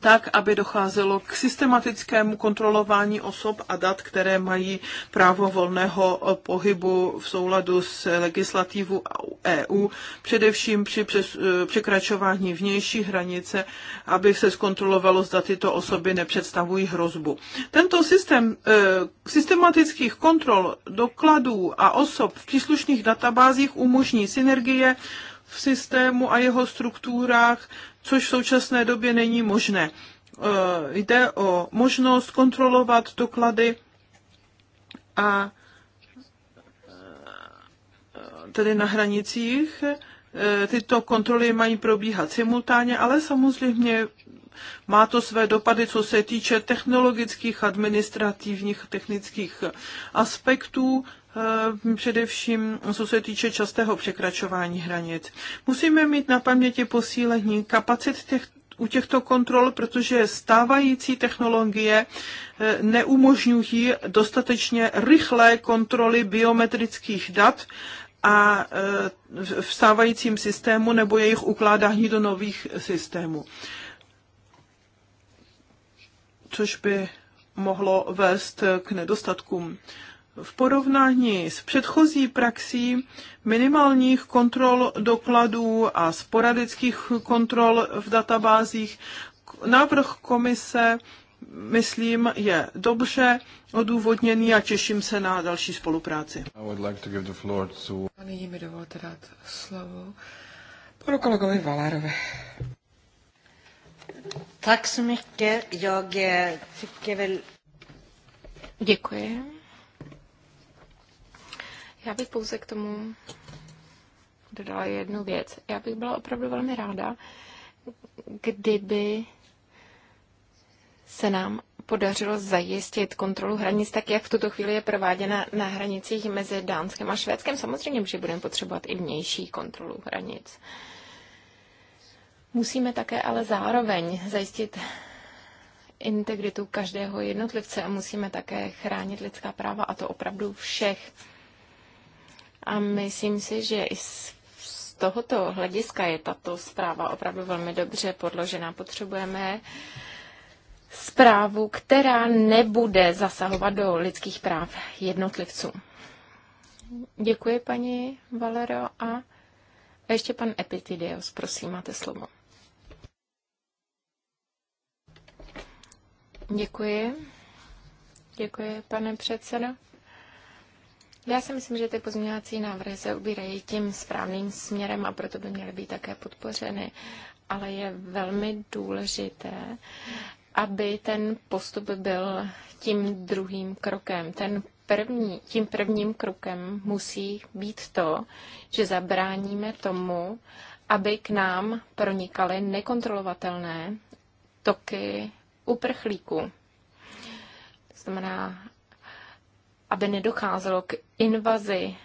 tak, aby docházelo k systematickému kontrolování osob a dat, které mají právo volného pohybu v souladu s legislativou EU, především při eh, překračování vnější hranice, aby se zkontrolovalo, zda tyto osoby nepředstavují hrozbu. Tento systém eh, systematických kontrol dokladů a osob v příslušných databázích umožní synergie v systému a jeho strukturách což v současné době není možné. Eh, jde o možnost kontrolovat doklady a eh, tedy na hranicích. Eh, tyto kontroly mají probíhat simultánně, ale samozřejmě má to své dopady, co se týče technologických, administrativních, technických aspektů Eh, především co se týče častého překračování hranic. Musíme mít na paměti posílení kapacit těch, u těchto kontrol, protože stávající technologie eh, neumožňují dostatečně rychlé kontroly biometrických dat a eh, v stávajícím systému nebo jejich ukládání do nových systémů. Což by mohlo vést k nedostatkům v porovnání s předchozí praxí minimálních kontrol dokladů a sporadických kontrol v databázích návrh komise, myslím, je dobře odůvodněný a těším se na další spolupráci. nyní mi dovolte dát slovo panu kolegovi Valárovi. Tak jsem chtěl, Jag je, Děkuji. Já bych pouze k tomu dodala jednu věc. Já bych byla opravdu velmi ráda, kdyby se nám podařilo zajistit kontrolu hranic, tak jak v tuto chvíli je prováděna na hranicích mezi Dánskem a Švédskem. Samozřejmě, že budeme potřebovat i vnější kontrolu hranic. Musíme také ale zároveň zajistit integritu každého jednotlivce a musíme také chránit lidská práva a to opravdu všech a myslím si, že i z tohoto hlediska je tato zpráva opravdu velmi dobře podložená. Potřebujeme zprávu, která nebude zasahovat do lidských práv jednotlivců. Děkuji, paní Valero. A ještě pan Epitidios, prosím, máte slovo. Děkuji. Děkuji, pane předsedo. Já si myslím, že ty pozměňovací návrhy se ubírají tím správným směrem a proto by měly být také podpořeny. Ale je velmi důležité, aby ten postup byl tím druhým krokem. Ten první, tím prvním krokem musí být to, že zabráníme tomu, aby k nám pronikaly nekontrolovatelné toky uprchlíků. To znamená, aby nedocházelo k invazi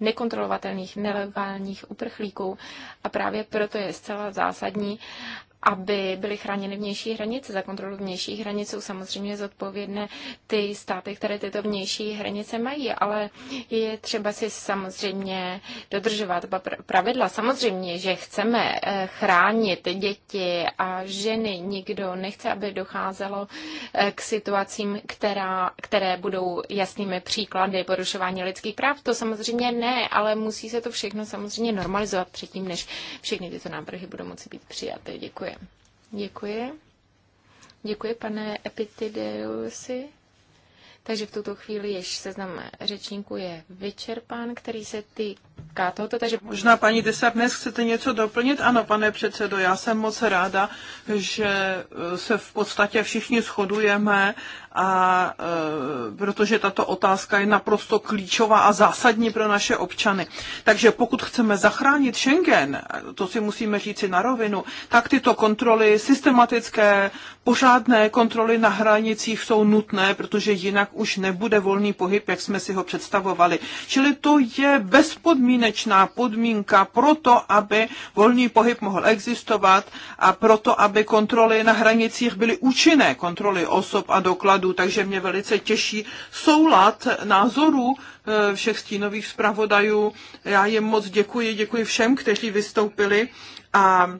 nekontrolovatelných nelegálních uprchlíků. A právě proto je zcela zásadní, aby byly chráněny vnější hranice. Za kontrolu vnějších hranic jsou samozřejmě zodpovědné ty státy, které tyto vnější hranice mají, ale je třeba si samozřejmě dodržovat pravidla. Samozřejmě, že chceme eh, chránit děti a ženy. Nikdo nechce, aby docházelo eh, k situacím, která, které budou jasnými příklady porušování lidských práv. To samozřejmě ne, ale musí se to všechno samozřejmě normalizovat předtím, než všechny tyto návrhy budou moci být přijaty. Děkuji. Děkuji. Děkuji, pane Epitideusi. Takže v tuto chvíli již seznam řečníků je vyčerpán, který se týká tohoto. Takže... Možná paní dnes chcete něco doplnit? Ano, pane předsedo, já jsem moc ráda, že e, se v podstatě všichni shodujeme a e, protože tato otázka je naprosto klíčová a zásadní pro naše občany. Takže pokud chceme zachránit Schengen, to si musíme říci na rovinu, tak tyto kontroly, systematické, pořádné kontroly na hranicích jsou nutné, protože jinak už nebude volný pohyb, jak jsme si ho představovali. Čili to je bezpodmínečná podmínka pro to, aby volný pohyb mohl existovat a proto, aby kontroly na hranicích byly účinné, kontroly osob a dokladů, takže mě velice těší soulad názorů eh, všech stínových zpravodajů. Já jim moc děkuji, děkuji všem, kteří vystoupili a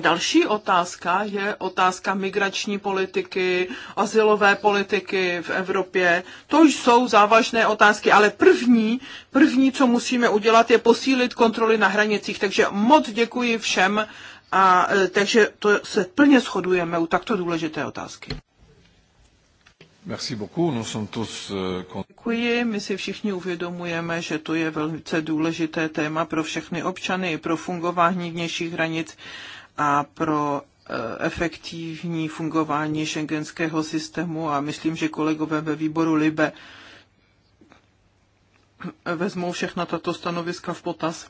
Další otázka je otázka migrační politiky, asilové politiky v Evropě. To jsou závažné otázky, ale první, první, co musíme udělat, je posílit kontroly na hranicích. Takže moc děkuji všem a e, takže to se plně shodujeme u takto důležité otázky. Merci beaucoup. Nous sommes tous... E, děkuji. My si všichni uvědomujeme, že to je velice důležité téma pro všechny občany i pro fungování vnějších hranic a pro e, efektivní fungování šengenského systému a myslím, že kolegové ve výboru LIBE vezmou všechna tato stanoviska v potaz,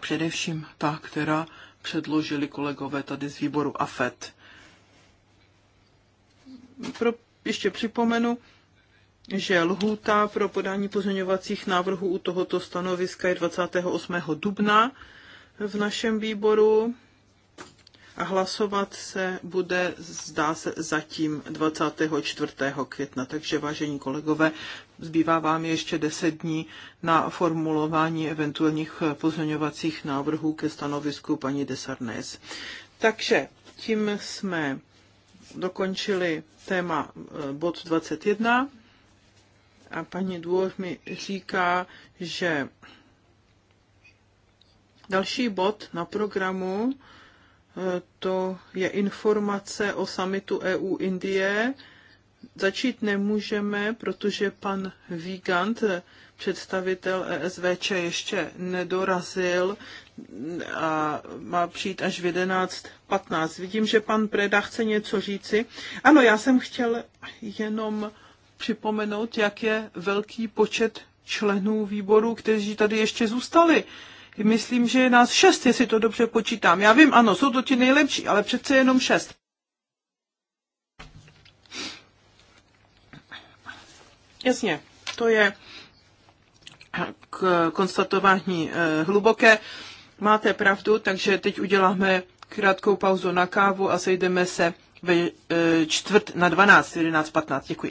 především ta, která předložili kolegové tady z výboru AFET. Pro, ještě připomenu, že lhůta pro podání pozměňovacích návrhů u tohoto stanoviska je 28. dubna v našem výboru a hlasovat se bude, zdá se, zatím 24. května. Takže, vážení kolegové, zbývá vám ještě 10 dní na formulování eventuálních pozměňovacích návrhů ke stanovisku paní Desarnes. Takže tím jsme dokončili téma eh, bod 21 a paní Dvůr mi říká, že další bod na programu to je informace o samitu EU-Indie. Začít nemůžeme, protože pan Vigant, představitel ESVČ, ještě nedorazil a má přijít až v 11.15. Vidím, že pan Preda chce něco říci. Ano, já jsem chtěl jenom připomenout, jak je velký počet členů výboru, kteří tady ještě zůstali myslím, že je nás šest, jestli to dobře počítám. Já vím, ano, jsou to ti nejlepší, ale přece jenom šest. Jasně, to je k konstatování eh, hluboké. Máte pravdu, takže teď uděláme krátkou pauzu na kávu a sejdeme se ve eh, čtvrt na 12, 11.15. Děkuji.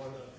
one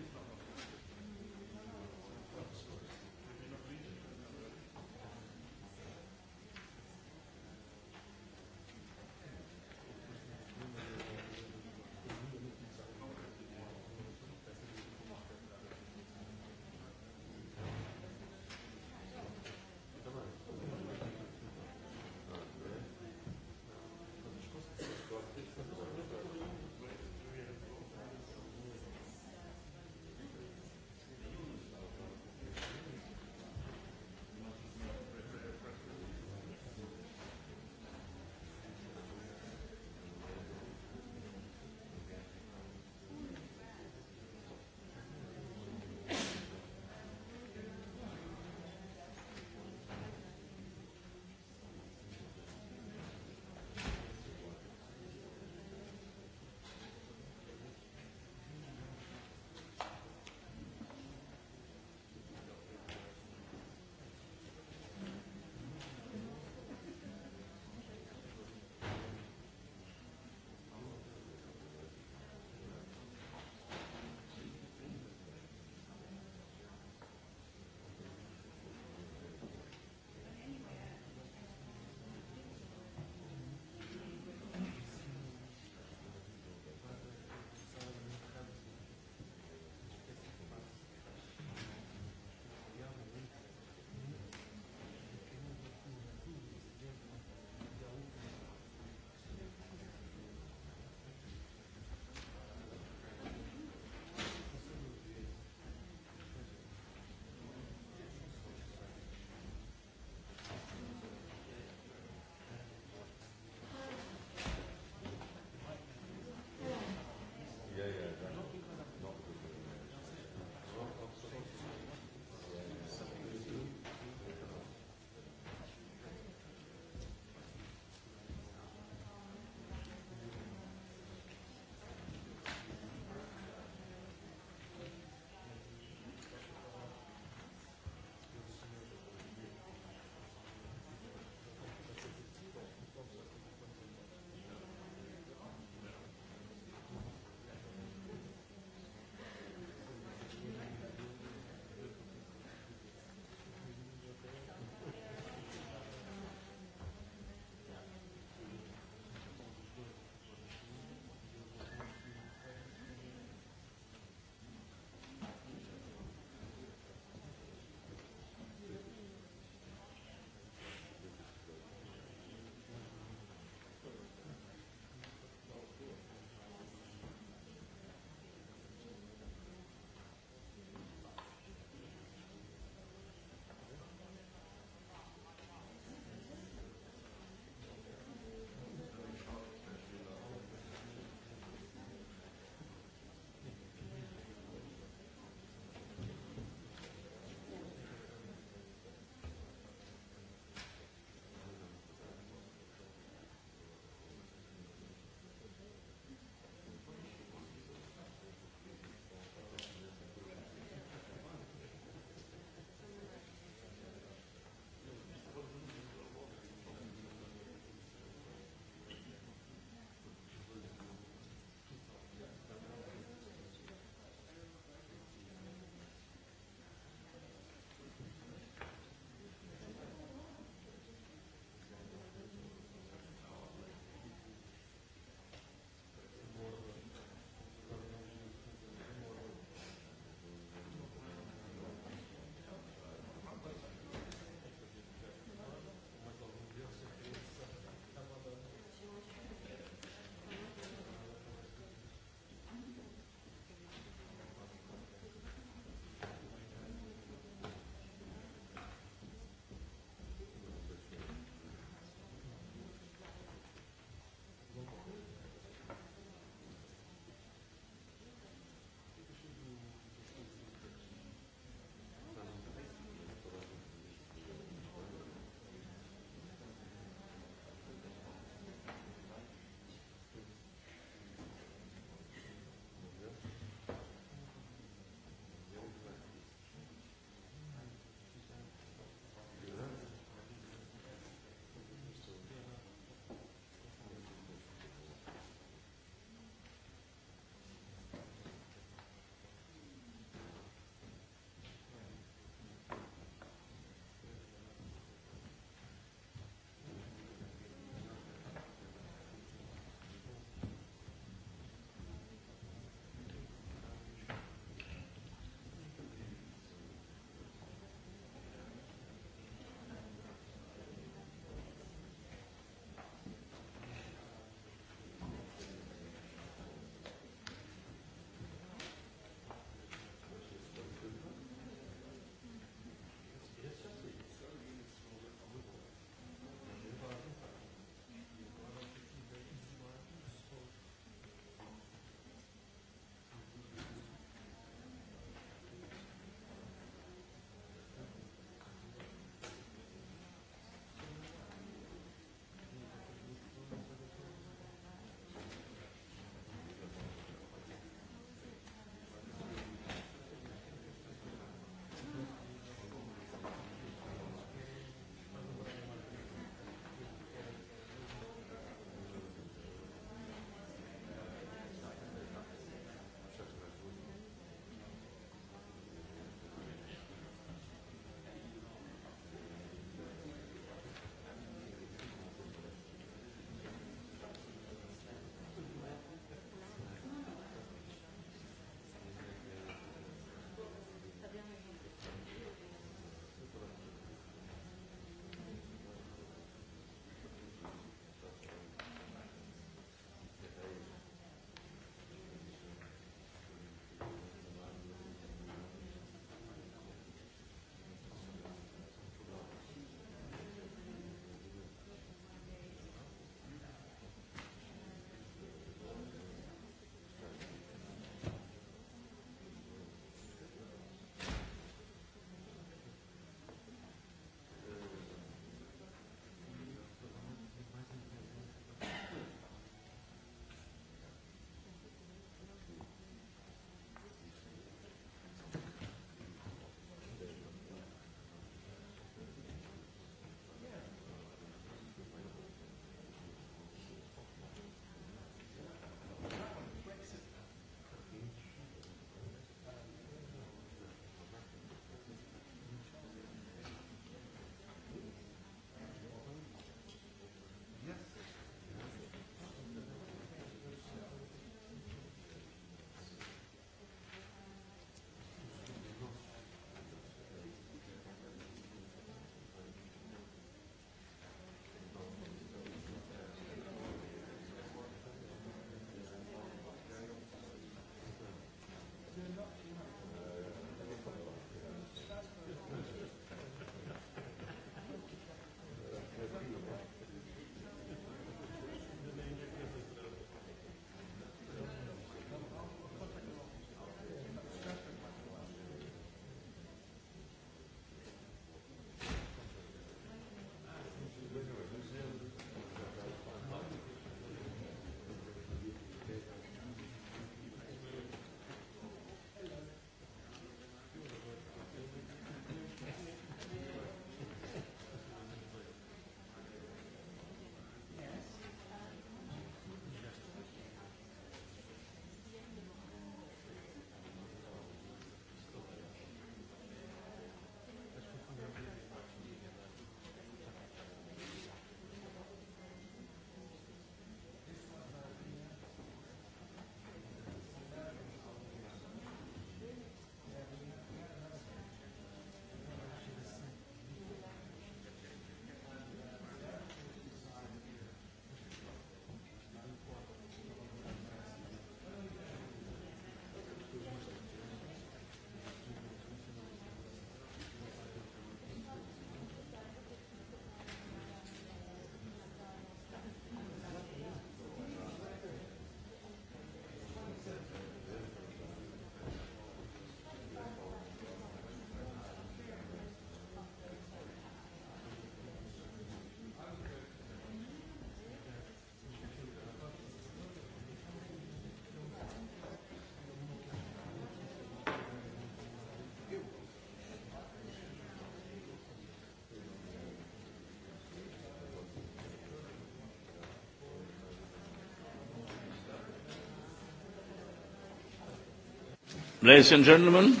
Ladies and gentlemen.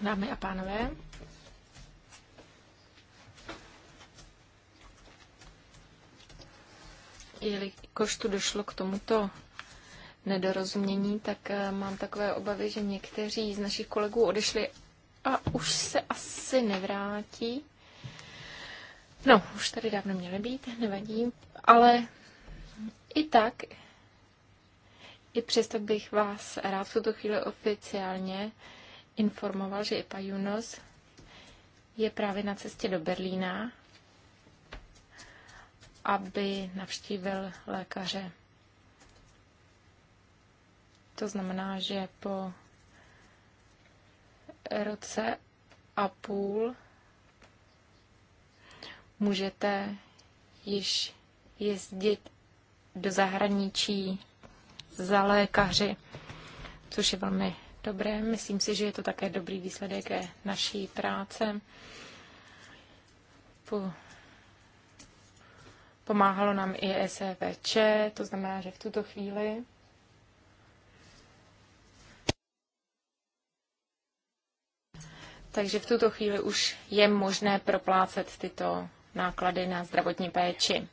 Dámy a pánové. Jelikož tu došlo k tomuto nedorozumění, tak eh, mám takové obavy, že někteří z našich kolegů odešli a už se asi nevrátí. No, už tady dávno měly být, nevadí, ale i tak i přesto bych vás rád v tuto chvíli oficiálně informoval, že Ipa Junos je právě na cestě do Berlína, aby navštívil lékaře. To znamená, že po roce a půl můžete již jezdit do zahraničí za lékaři, což je velmi dobré. Myslím si, že je to také dobrý výsledek naší práce. Po Pomáhalo nám i SVČ, e to znamená, že v tuto chvíli Takže v tuto chvíli už je možné proplácet tyto náklady na zdravotní péči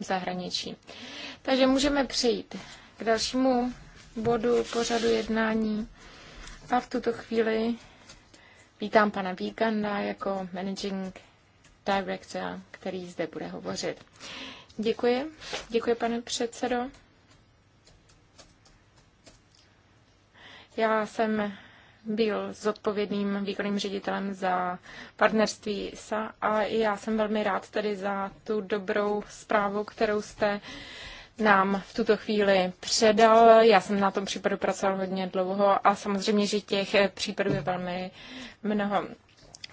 v zahraničí. Takže můžeme přejít k dalšímu bodu pořadu jednání. A v tuto chvíli vítám pana Víkanda jako managing director, který zde bude hovořit. Děkuji. Děkuji, pane předsedo. Já jsem byl zodpovědným výkonným ředitelem za partnerství ISA a já jsem velmi rád tady za tu dobrou zprávu, kterou jste nám v tuto chvíli předal. Já jsem na tom případu pracoval hodně dlouho a samozřejmě, že těch případů je velmi mnoho.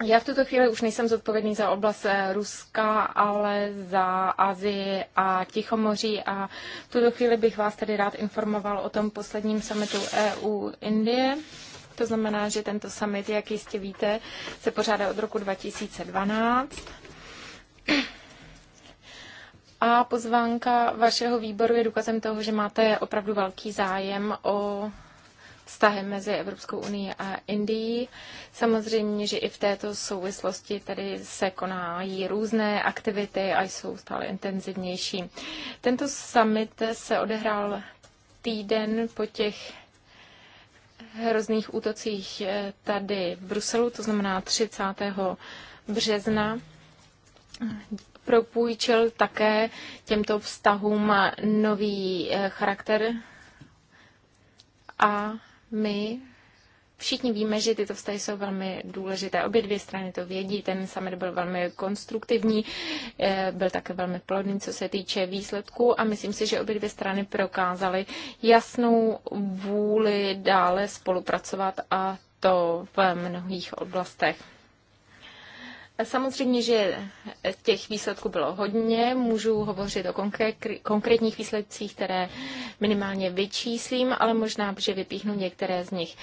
Já v tuto chvíli už nejsem zodpovědný za oblast eh, Ruska, ale za Azii a Tichomoří a v tuto chvíli bych vás tedy rád informoval o tom posledním summitu EU-Indie. To znamená, že tento summit, jak jistě víte, se pořádá od roku 2012. A pozvánka vašeho výboru je důkazem toho, že máte opravdu velký zájem o vztahy mezi Evropskou unii a Indií. Samozřejmě, že i v této souvislosti tady se konají různé aktivity a jsou stále intenzivnější. Tento summit se odehrál týden po těch hrozných útocích eh, tady v Bruselu, to znamená 30. března propůjčil také těmto vztahům nový eh, charakter a my všichni víme, že tyto vztahy jsou velmi důležité. Obě dvě strany to vědí. Ten summit byl velmi konstruktivní, eh, byl také velmi plodný, co se týče výsledků a myslím si, že obě dvě strany prokázaly jasnou vůli dále spolupracovat a to v mnohých oblastech. Samozřejmě, že těch výsledků bylo hodně. Můžu hovořit o konkrétních výsledcích, které minimálně vyčíslím, ale možná, že vypíchnu některé z nich.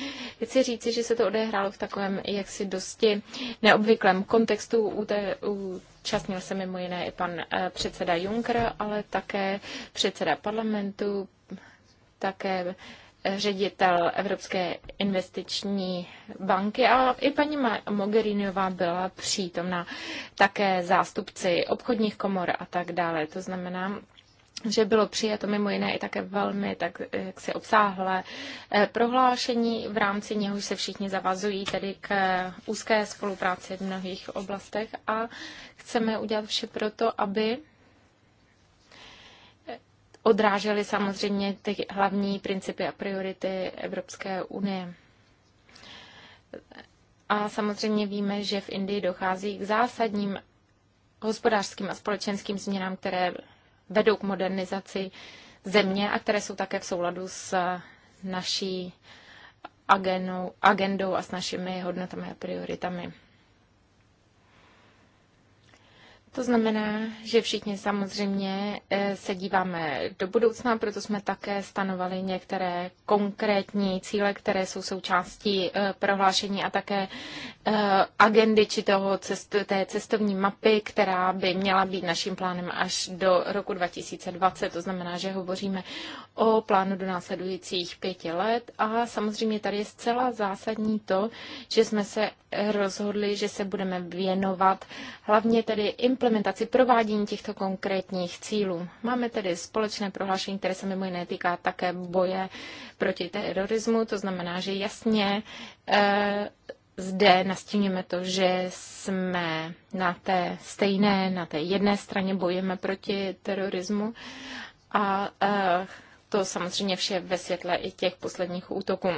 Chci říci, že se to odehrálo v takovém jaksi dosti neobvyklém kontextu u té, u Častnil se mimo jiné i pan eh, předseda Juncker, ale také předseda parlamentu, také ředitel Evropské investiční banky a i paní Mogheriniová byla přítomna také zástupci obchodních komor a tak dále. To znamená, že bylo přijato mimo jiné i také velmi tak jak si obsáhlé eh, prohlášení, v rámci něhož se všichni zavazují tedy k eh, úzké spolupráci v mnohých oblastech a chceme udělat vše proto, aby odrážely samozřejmě ty hlavní principy a priority Evropské unie. A samozřejmě víme, že v Indii dochází k zásadním hospodářským a společenským změnám, které vedou k modernizaci země a které jsou také v souladu s naší agendou, agendou a s našimi hodnotami a prioritami. To znamená, že všichni samozřejmě eh, se díváme do budoucna, proto jsme také stanovali některé konkrétní cíle, které jsou součástí eh, prohlášení a také eh, agendy či toho cest, té cestovní mapy, která by měla být naším plánem až do roku 2020. To znamená, že hovoříme o plánu do následujících pěti let a samozřejmě tady je zcela zásadní to, že jsme se rozhodli, že se budeme věnovat hlavně tedy implementovat implementaci, provádění těchto konkrétních cílů. Máme tedy společné prohlášení, které se mimo jiné týká také boje proti terorismu, to znamená, že jasně e, zde nastíníme to, že jsme na té stejné, na té jedné straně bojeme proti terorismu a e, to samozřejmě vše ve světle i těch posledních útoků.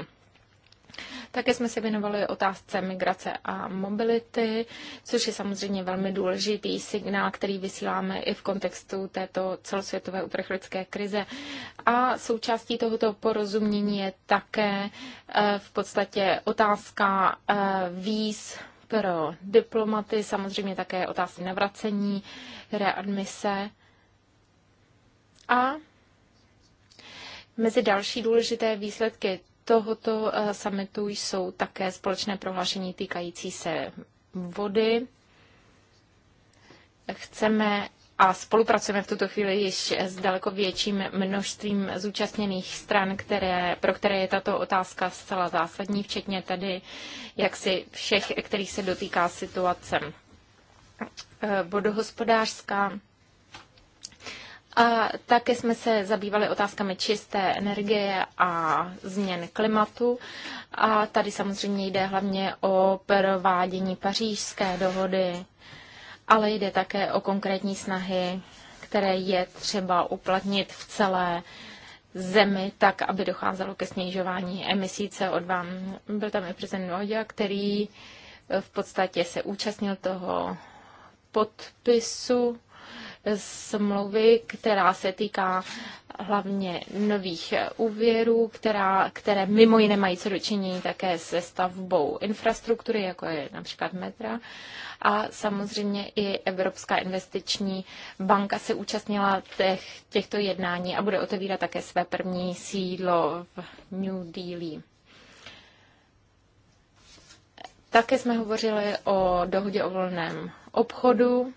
Také jsme se věnovali otázce migrace a mobility, což je samozřejmě velmi důležitý signál, který vysíláme i v kontextu této celosvětové uprchlické krize. A součástí tohoto porozumění je také eh, v podstatě otázka eh, víz pro diplomaty, samozřejmě také otázky navracení, readmise. A mezi další důležité výsledky tohoto eh, summitu jsou také společné prohlášení týkající se vody. Chceme a spolupracujeme v tuto chvíli již s daleko větším množstvím zúčastněných stran, které, pro které je tato otázka zcela zásadní, včetně tedy jaksi všech, kterých se dotýká situace eh, vodohospodářská a také jsme se zabývali otázkami čisté energie a změn klimatu. A tady samozřejmě jde hlavně o provádění pařížské dohody, ale jde také o konkrétní snahy, které je třeba uplatnit v celé zemi, tak aby docházelo ke snižování emisí CO2. Byl tam i prezident Nodia, který v podstatě se účastnil toho podpisu smlouvy, která se týká hlavně nových úvěrů, která, které mimo jiné mají co dočinění také se stavbou infrastruktury, jako je například metra. A samozřejmě i Evropská investiční banka se účastnila těch, těchto jednání a bude otevírat také své první sídlo v New Delhi. Také jsme hovořili o dohodě o volném obchodu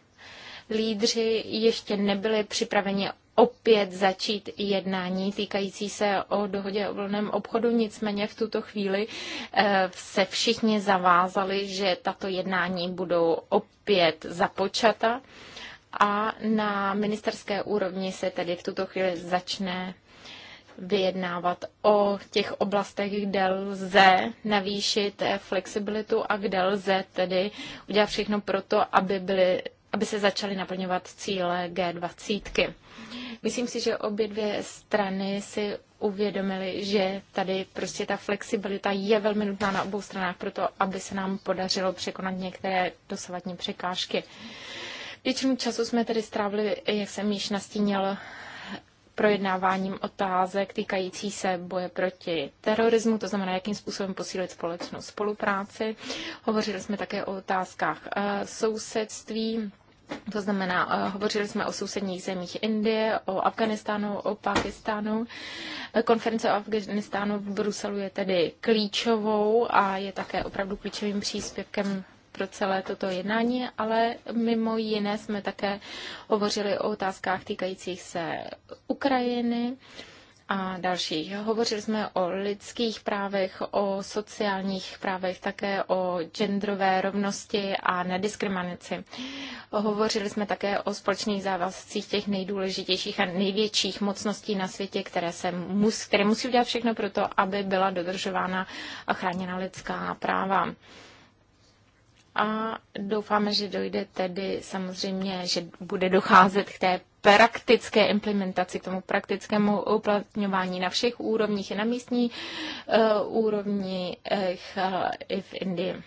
lídři ještě nebyli připraveni opět začít jednání týkající se o dohodě o volném obchodu. Nicméně v tuto chvíli eh, se všichni zavázali, že tato jednání budou opět započata a na ministerské úrovni se tedy v tuto chvíli začne vyjednávat o těch oblastech, kde lze navýšit flexibilitu a kde lze tedy udělat všechno pro to, aby byly aby se začaly naplňovat cíle G20. Myslím si, že obě dvě strany si uvědomili, že tady prostě ta flexibilita je velmi nutná na obou stranách proto, aby se nám podařilo překonat některé dosavadní překážky. Většinu času jsme tedy strávili, jak jsem již nastínil, projednáváním otázek týkající se boje proti terorismu, to znamená, jakým způsobem posílit společnou spolupráci. Hovořili jsme také o otázkách eh, sousedství, to znamená, eh, hovořili jsme o sousedních zemích Indie, o Afganistánu, o Pakistánu. Eh, konference o Afganistánu v Bruselu je tedy klíčovou a je také opravdu klíčovým příspěvkem pro celé toto jednání, ale mimo jiné jsme také hovořili o otázkách týkajících se Ukrajiny a dalších. Hovořili jsme o lidských právech, o sociálních právech, také o genderové rovnosti a nediskriminaci. Hovořili jsme také o společných závazcích těch nejdůležitějších a největších mocností na světě, které, se mus, které musí udělat všechno pro to, aby byla dodržována a chráněna lidská práva a doufáme, že dojde tedy samozřejmě, že bude docházet k té praktické implementaci, k tomu praktickému uplatňování na všech úrovních, i na místní uh, úrovni uh, i v Indii.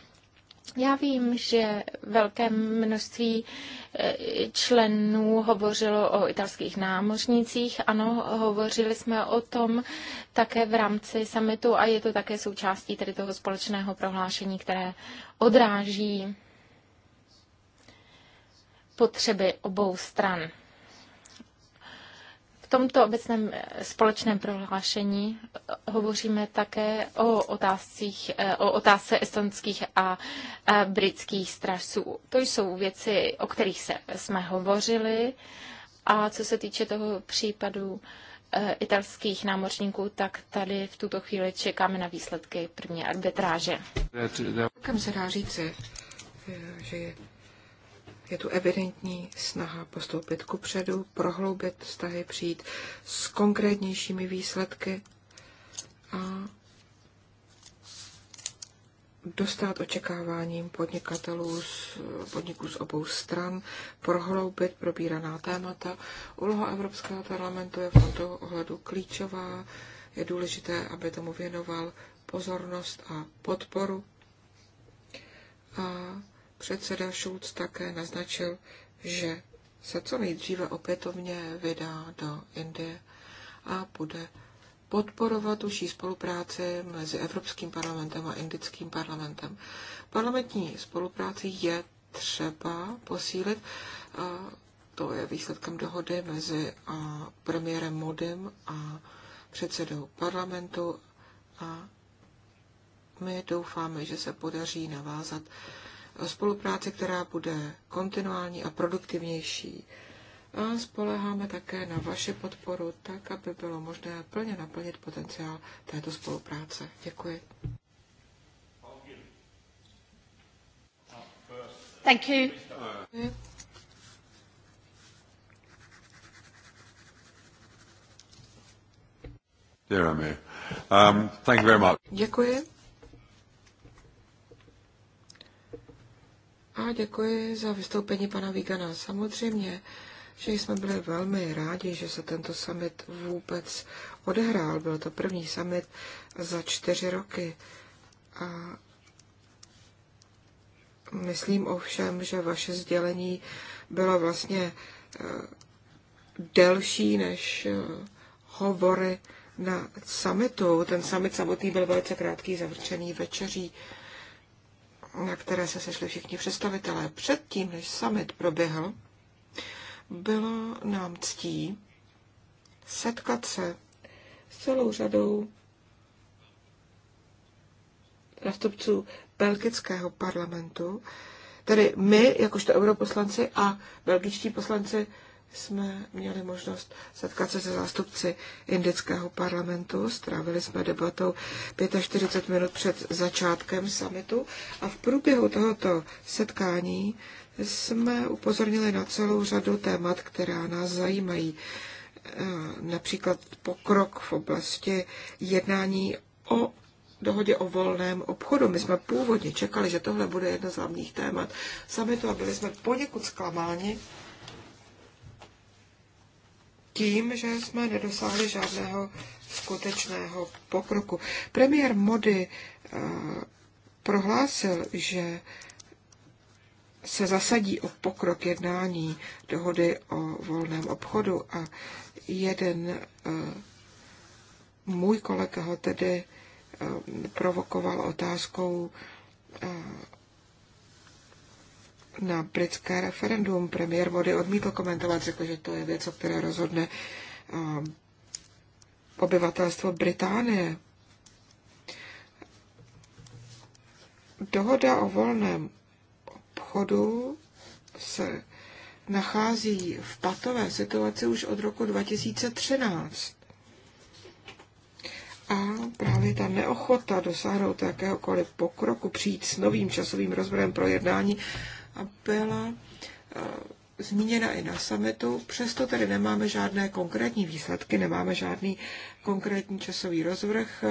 Já vím, že velké množství e, členů hovořilo o italských námořnicích. Ano, hovořili jsme o tom také v rámci summitu a je to také součástí tedy toho společného prohlášení, které odráží potřeby obou stran tomto obecném eh, společném prohlášení eh, hovoříme také o, otázcích, eh, o otázce estonských a britských strážců. To jsou věci, o kterých se, jsme hovořili. A co se týče toho případu italských námořníků, tak tady v tuto chvíli čekáme na výsledky první arbitráže. Kam se dá říci, že je tu evidentní snaha postoupit ku předu, prohloubit vztahy, přijít s konkrétnějšími výsledky a dostat očekáváním podnikatelů z podniků z obou stran, prohloubit probíraná témata. Úloha Evropského parlamentu je v tomto ohledu klíčová. Je důležité, aby tomu věnoval pozornost a podporu. A Předseda Schulz také naznačil, že se co nejdříve opětovně vydá do Indie a bude podporovat užší spolupráci mezi Evropským parlamentem a Indickým parlamentem. Parlamentní spolupráci je třeba posílit. To je výsledkem dohody mezi premiérem Modem a předsedou parlamentu a my doufáme, že se podaří navázat Spolupráce, která bude kontinuální a produktivnější. A spoleháme také na vaši podporu, tak aby bylo možné plně naplnit potenciál této spolupráce. Děkuji. Thank you. Děkuji. Um, Děkuji. thank you very much. Děkuji. A děkuji za vystoupení pana Vígana. Samozřejmě, že jsme byli velmi rádi, že se tento summit vůbec odehrál. Byl to první summit za čtyři roky. A myslím ovšem, že vaše sdělení bylo vlastně eh, delší než eh, hovory na summitu. Ten summit samotný byl velice krátký, zavrčený večeří na které se sešli všichni představitelé předtím, než summit proběhl, bylo nám ctí setkat se s celou řadou zástupců belgického parlamentu, tedy my, jakožto europoslanci a belgičtí poslanci jsme měli možnost setkat se se zástupci indického parlamentu. Strávili jsme debatou 45 minut před začátkem summitu a v průběhu tohoto setkání jsme upozornili na celou řadu témat, která nás zajímají. E, například pokrok v oblasti jednání o dohodě o volném obchodu. My jsme původně čekali, že tohle bude jedno z hlavních témat summitu a byli jsme poněkud zklamáni, tím, že jsme nedosáhli žádného skutečného pokroku. Premiér Mody eh, prohlásil, že se zasadí o pokrok jednání dohody o volném obchodu a jeden eh, můj kolega ho tedy eh, provokoval otázkou na britské referendum. Premiér vody odmítl komentovat, řekl, že to je věc, o které rozhodne ehm, obyvatelstvo Británie. Dohoda o volném obchodu se nachází v patové situaci už od roku 2013. A právě ta neochota dosáhnout jakéhokoliv pokroku, přijít s novým časovým rozborem pro jednání, a byla eh, zmíněna i na summitu, přesto tedy nemáme žádné konkrétní výsledky, nemáme žádný konkrétní časový rozvrh.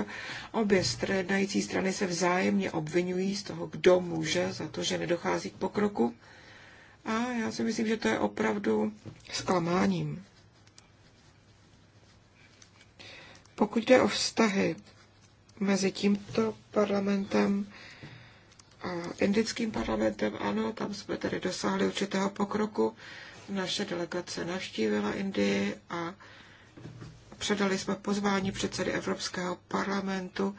Obě strednající strany se vzájemně obvinují z toho, kdo může za to, že nedochází k pokroku. A já si myslím, že to je opravdu zklamáním. Pokud jde o vztahy mezi tímto parlamentem indickým parlamentem. Ano, tam jsme tedy dosáhli určitého pokroku. Naše delegace navštívila Indii a předali jsme pozvání předsedy Evropského parlamentu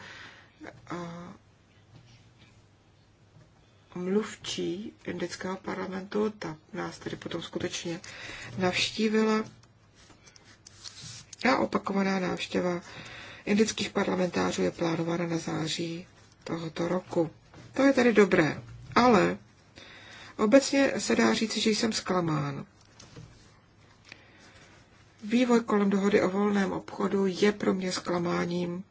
mluvčí indického parlamentu, ta nás tedy potom skutečně navštívila. A opakovaná návštěva indických parlamentářů je plánována na září tohoto roku. To je tedy dobré. Ale obecně se dá říci, že jsem zklamán. Vývoj kolem dohody o volném obchodu je pro mě zklamáním.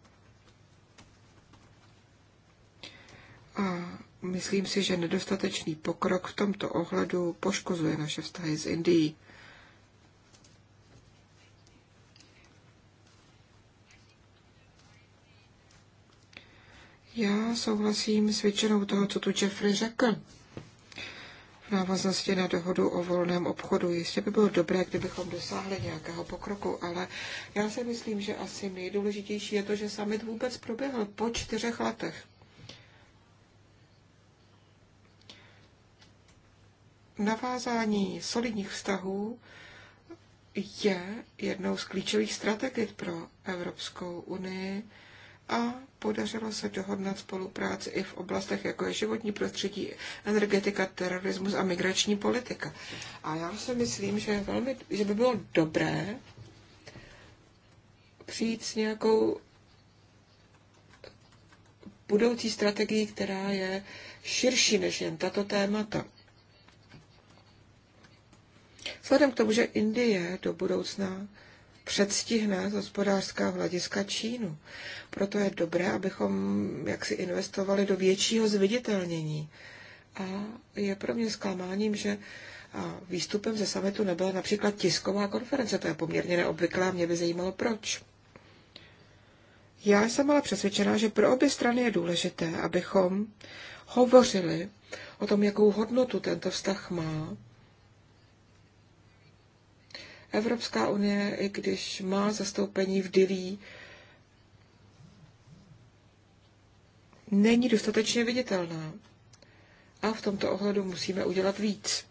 A myslím si, že nedostatečný pokrok v tomto ohledu poškozuje naše vztahy s Indií. Já souhlasím s většinou toho, co tu Jeffrey řekl. V návaznosti na dohodu o volném obchodu. Jistě by bylo dobré, kdybychom dosáhli nějakého pokroku, ale já si myslím, že asi nejdůležitější je to, že summit vůbec proběhl po čtyřech letech. Navázání solidních vztahů je jednou z klíčových strategií pro Evropskou unii a podařilo se dohodnout spolupráci i v oblastech, jako je životní prostředí, energetika, terorismus a migrační politika. A já si myslím, že, velmi, že by bylo dobré přijít s nějakou budoucí strategií, která je širší než jen tato témata. Vzhledem k tomu, že Indie do budoucna předstihne z hospodářská hlediska Čínu. Proto je dobré, abychom jaksi investovali do většího zviditelnění. A je pro mě zklamáním, že výstupem ze samitu nebyla například tisková konference. To je poměrně neobvyklé a mě by zajímalo proč. Já jsem ale přesvědčená, že pro obě strany je důležité, abychom hovořili o tom, jakou hodnotu tento vztah má Evropská unie, i když má zastoupení v Dilí, není dostatečně viditelná. A v tomto ohledu musíme udělat víc.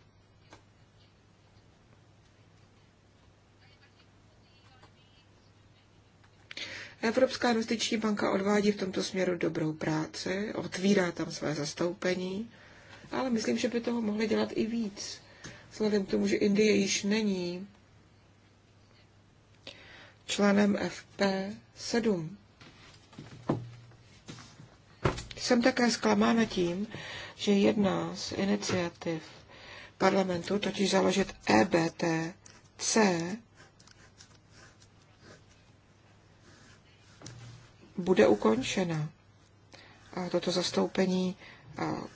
Evropská investiční banka odvádí v tomto směru dobrou práci, otvírá tam své zastoupení, ale myslím, že by toho mohly dělat i víc. Vzhledem k tomu, že Indie již není členem FP7. Jsem také zklamána tím, že jedna z iniciativ parlamentu, totiž založit EBTC, bude ukončena. A toto zastoupení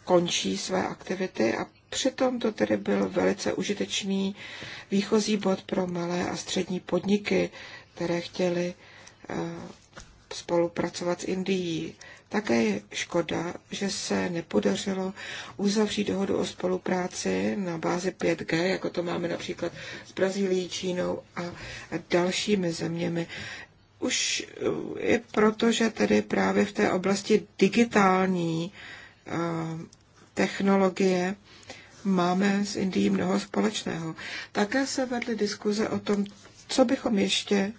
končí své aktivity a přitom to tedy byl velice užitečný výchozí bod pro malé a střední podniky které chtěly eh, spolupracovat s Indií. Také je škoda, že se nepodařilo uzavřít dohodu o spolupráci na bázi 5G, jako to máme například s Brazílií, Čínou a dalšími zeměmi. Už eh, i proto, že tedy právě v té oblasti digitální eh, technologie máme s Indií mnoho společného. Také se vedly diskuze o tom, co bychom ještě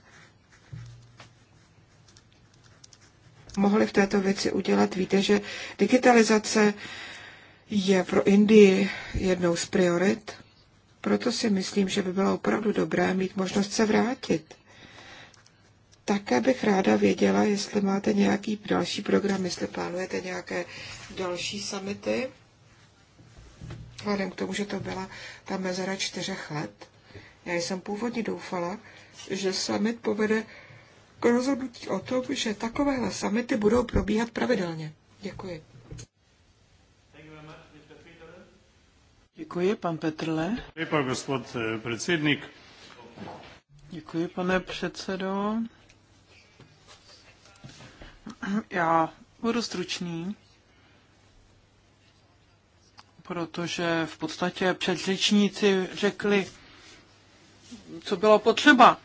mohli v této věci udělat. Víte, že digitalizace je pro Indii jednou z priorit, proto si myslím, že by bylo opravdu dobré mít možnost se vrátit. Také bych ráda věděla, jestli máte nějaký další program, jestli plánujete nějaké další samity. Vzhledem k tomu, že to byla ta mezera čtyřech let, já jsem původně doufala, že summit povede k rozhodnutí o tom, že takovéhle samity budou probíhat pravidelně. Děkuji. Děkuji, pan Petrle. Eh, Děkuji, pane předsedo. Já budu stručný, protože v podstatě předřečníci řekli, co bylo potřeba.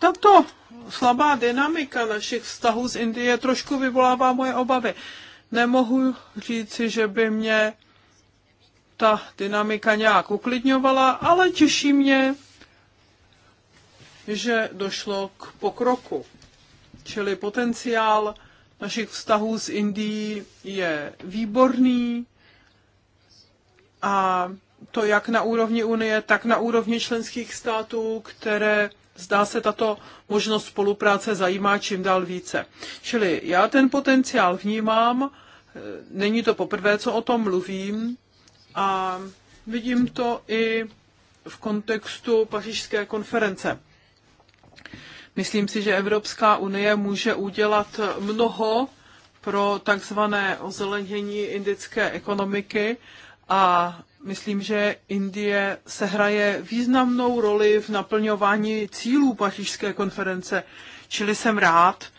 Tato slabá dynamika našich vztahů z Indie trošku vyvolává moje obavy. Nemohu říci, že by mě ta dynamika nějak uklidňovala, ale těší mě, že došlo k pokroku. Čili potenciál našich vztahů s Indií je výborný a to jak na úrovni Unie, tak na úrovni členských států, které zdá se tato možnost spolupráce zajímá čím dál více. Čili já ten potenciál vnímám, e, není to poprvé, co o tom mluvím a vidím to i v kontextu pařížské konference. Myslím si, že Evropská unie může udělat mnoho pro takzvané ozelenění indické ekonomiky a Myslím, že Indie sehraje významnou roli v naplňování cílů pařížské konference, čili jsem rád,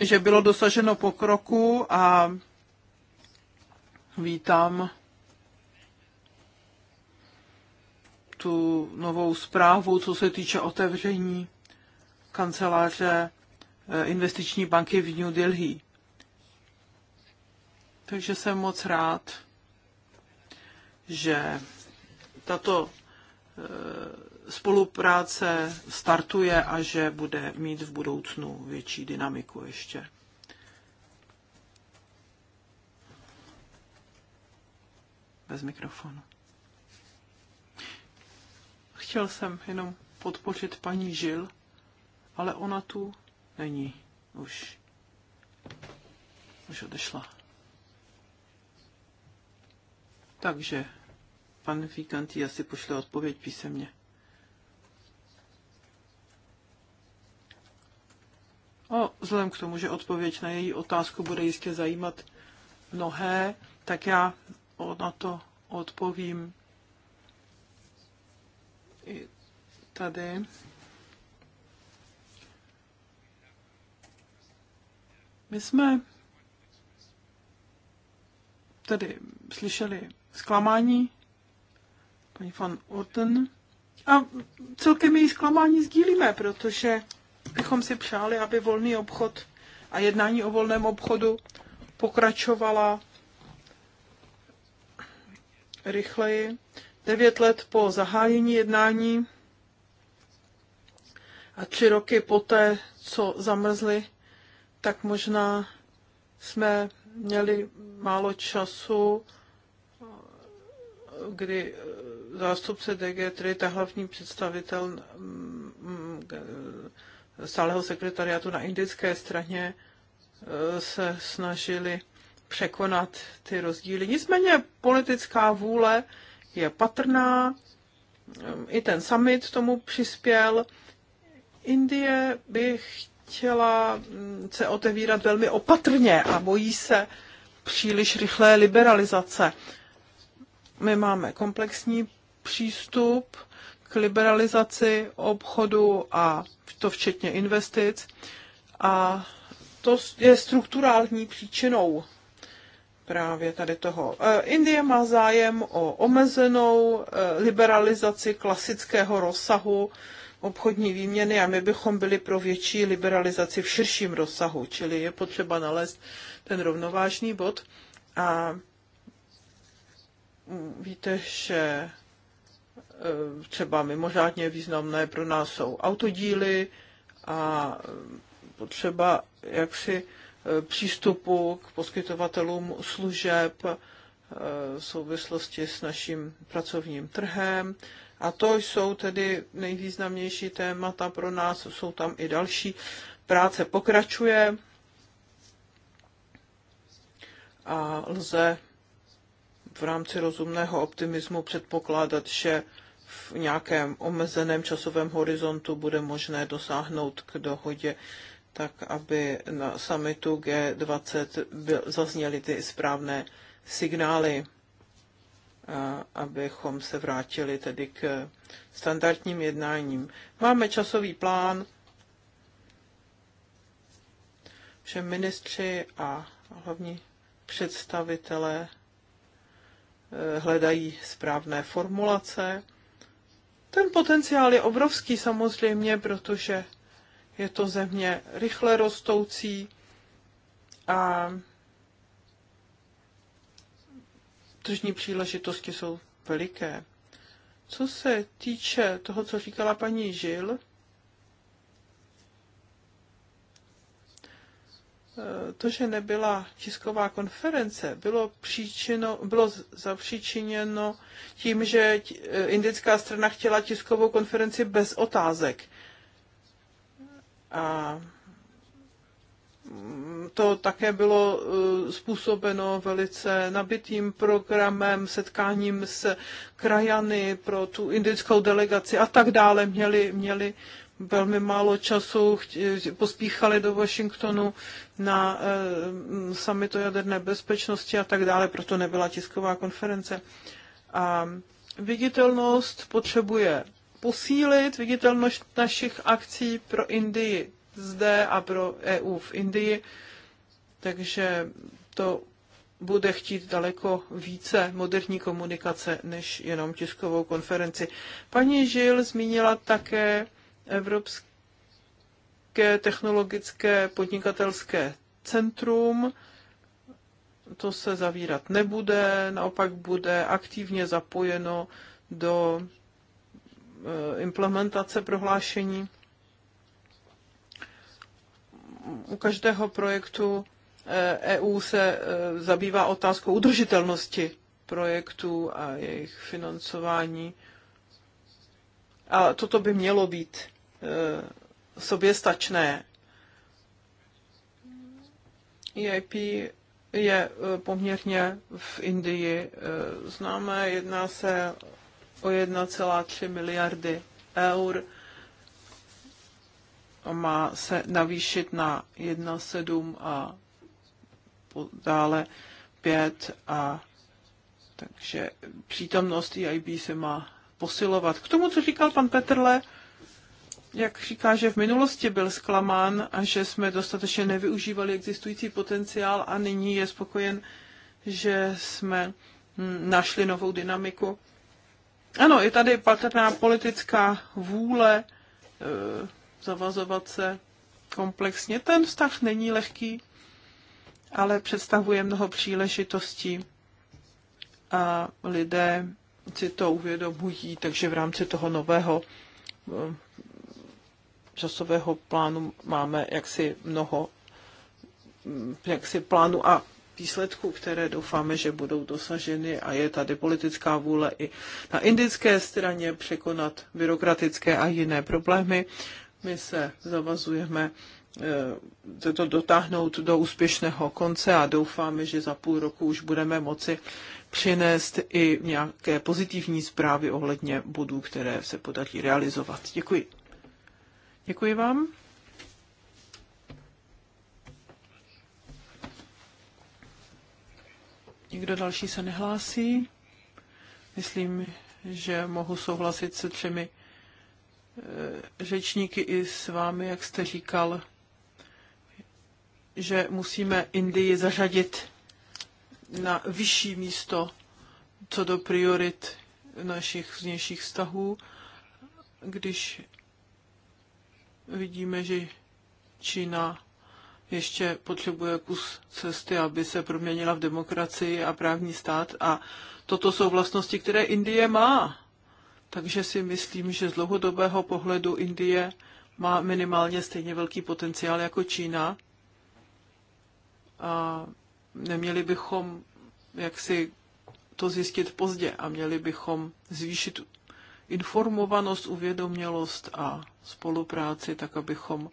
že bylo dosaženo pokroku a vítám tu novou zprávu, co se týče otevření kanceláře eh, investiční banky v New Delhi. Takže jsem moc rád že tato eh, spolupráce startuje a že bude mít v budoucnu větší dynamiku ještě. Bez mikrofonu. Chtěl jsem jenom podpořit paní Žil, ale ona tu není už. Už odešla. Takže pan Víkantý asi pošle odpověď písemně. O, vzhledem k tomu, že odpověď na její otázku bude jistě zajímat mnohé, tak já na to odpovím i tady. My jsme tedy slyšeli zklamání paní van Orten. A celkem její zklamání sdílíme, protože bychom si přáli, aby volný obchod a jednání o volném obchodu pokračovala rychleji. Devět let po zahájení jednání a tři roky poté, co zamrzli, tak možná jsme měli málo času, kdy zástupce DG, je ta hlavní představitel mm, mm, stáleho sekretariátu na indické straně, e, se snažili překonat ty rozdíly. Nicméně politická vůle je patrná, e, i ten summit tomu přispěl. Indie by chtěla mm, se otevírat velmi opatrně a bojí se příliš rychlé liberalizace. My máme komplexní přístup k liberalizaci obchodu a to včetně investic. A to je strukturální příčinou právě tady toho. E, Indie má zájem o omezenou e, liberalizaci klasického rozsahu obchodní výměny a my bychom byli pro větší liberalizaci v širším rozsahu, čili je potřeba nalézt ten rovnovážný bod. A mm, víte, že Eh, třeba mimořádně významné pro nás jsou autodíly a potřeba jaksi eh, přístupu k poskytovatelům služeb eh, v souvislosti s naším pracovním trhem. A to jsou tedy nejvýznamnější témata pro nás, jsou tam i další. Práce pokračuje a lze v rámci rozumného optimismu předpokládat, že v nějakém omezeném časovém horizontu bude možné dosáhnout k dohodě, tak aby na summitu G20 byl, zazněly ty správné signály, a abychom se vrátili tedy k standardním jednáním. Máme časový plán, Všem ministři a hlavní představitelé eh, hledají správné formulace ten potenciál je obrovský samozřejmě, protože je to země rychle rostoucí a tržní příležitosti jsou veliké. Co se týče toho, co říkala paní Žil, to, že nebyla tisková konference, bylo, příčino, bylo zapříčiněno tím, že eh, indická strana chtěla tiskovou konferenci bez otázek. A to také bylo eh, způsobeno velice nabitým programem, setkáním s krajany pro tu indickou delegaci a tak dále. Měli, měli velmi málo času, pospíchali do Washingtonu na eh, summit o jaderné bezpečnosti a tak dále, proto nebyla tisková konference. A viditelnost potřebuje posílit, viditelnost našich akcí pro Indii zde a pro EU v Indii, takže to bude chtít daleko více moderní komunikace než jenom tiskovou konferenci. Paní Žil zmínila také Evropské technologické podnikatelské centrum. To se zavírat nebude, naopak bude aktivně zapojeno do eh, implementace prohlášení. U každého projektu EU eh, e se eh, zabývá otázkou udržitelnosti projektů a jejich financování. A toto by mělo být Eh, soběstačné. EIP je eh, poměrně v Indii eh, známé. Jedná se o 1,3 miliardy eur má se navýšit na 1,7 a dále 5 a takže přítomnost EIB se má posilovat. K tomu, co říkal pan Petrle, jak říká, že v minulosti byl zklamán a že jsme dostatečně nevyužívali existující potenciál a nyní je spokojen, že jsme hm, našli novou dynamiku. Ano, je tady patrná politická vůle e, zavazovat se komplexně. Ten vztah není lehký, ale představuje mnoho příležitostí a lidé si to uvědomují, takže v rámci toho nového eh, časového plánu máme jaksi mnoho mm, jaksi plánu a výsledků, které doufáme, že budou dosaženy a je tady politická vůle i na indické straně překonat byrokratické a jiné problémy. My se zavazujeme eh, to dotáhnout do úspěšného konce a doufáme, že za půl roku už budeme moci přinést i nějaké pozitivní zprávy ohledně bodů, které se podaří realizovat. Děkuji. Děkuji vám. Nikdo další se nehlásí. Myslím, že mohu souhlasit se třemi eh, řečníky i s vámi, jak jste říkal, že musíme Indii zařadit na vyšší místo co do priorit našich vnějších vztahů, když Vidíme, že Čína ještě potřebuje kus cesty, aby se proměnila v demokracii a právní stát. A toto jsou vlastnosti, které Indie má. Takže si myslím, že z dlouhodobého pohledu Indie má minimálně stejně velký potenciál jako Čína. A neměli bychom jaksi to zjistit pozdě a měli bychom zvýšit informovanost, uvědomělost a spolupráci, tak abychom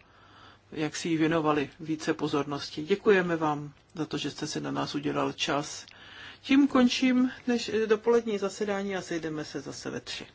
jak si jí věnovali více pozornosti. Děkujeme vám za to, že jste si na nás udělal čas. Tím končím než dopolední zasedání a sejdeme se zase ve tři.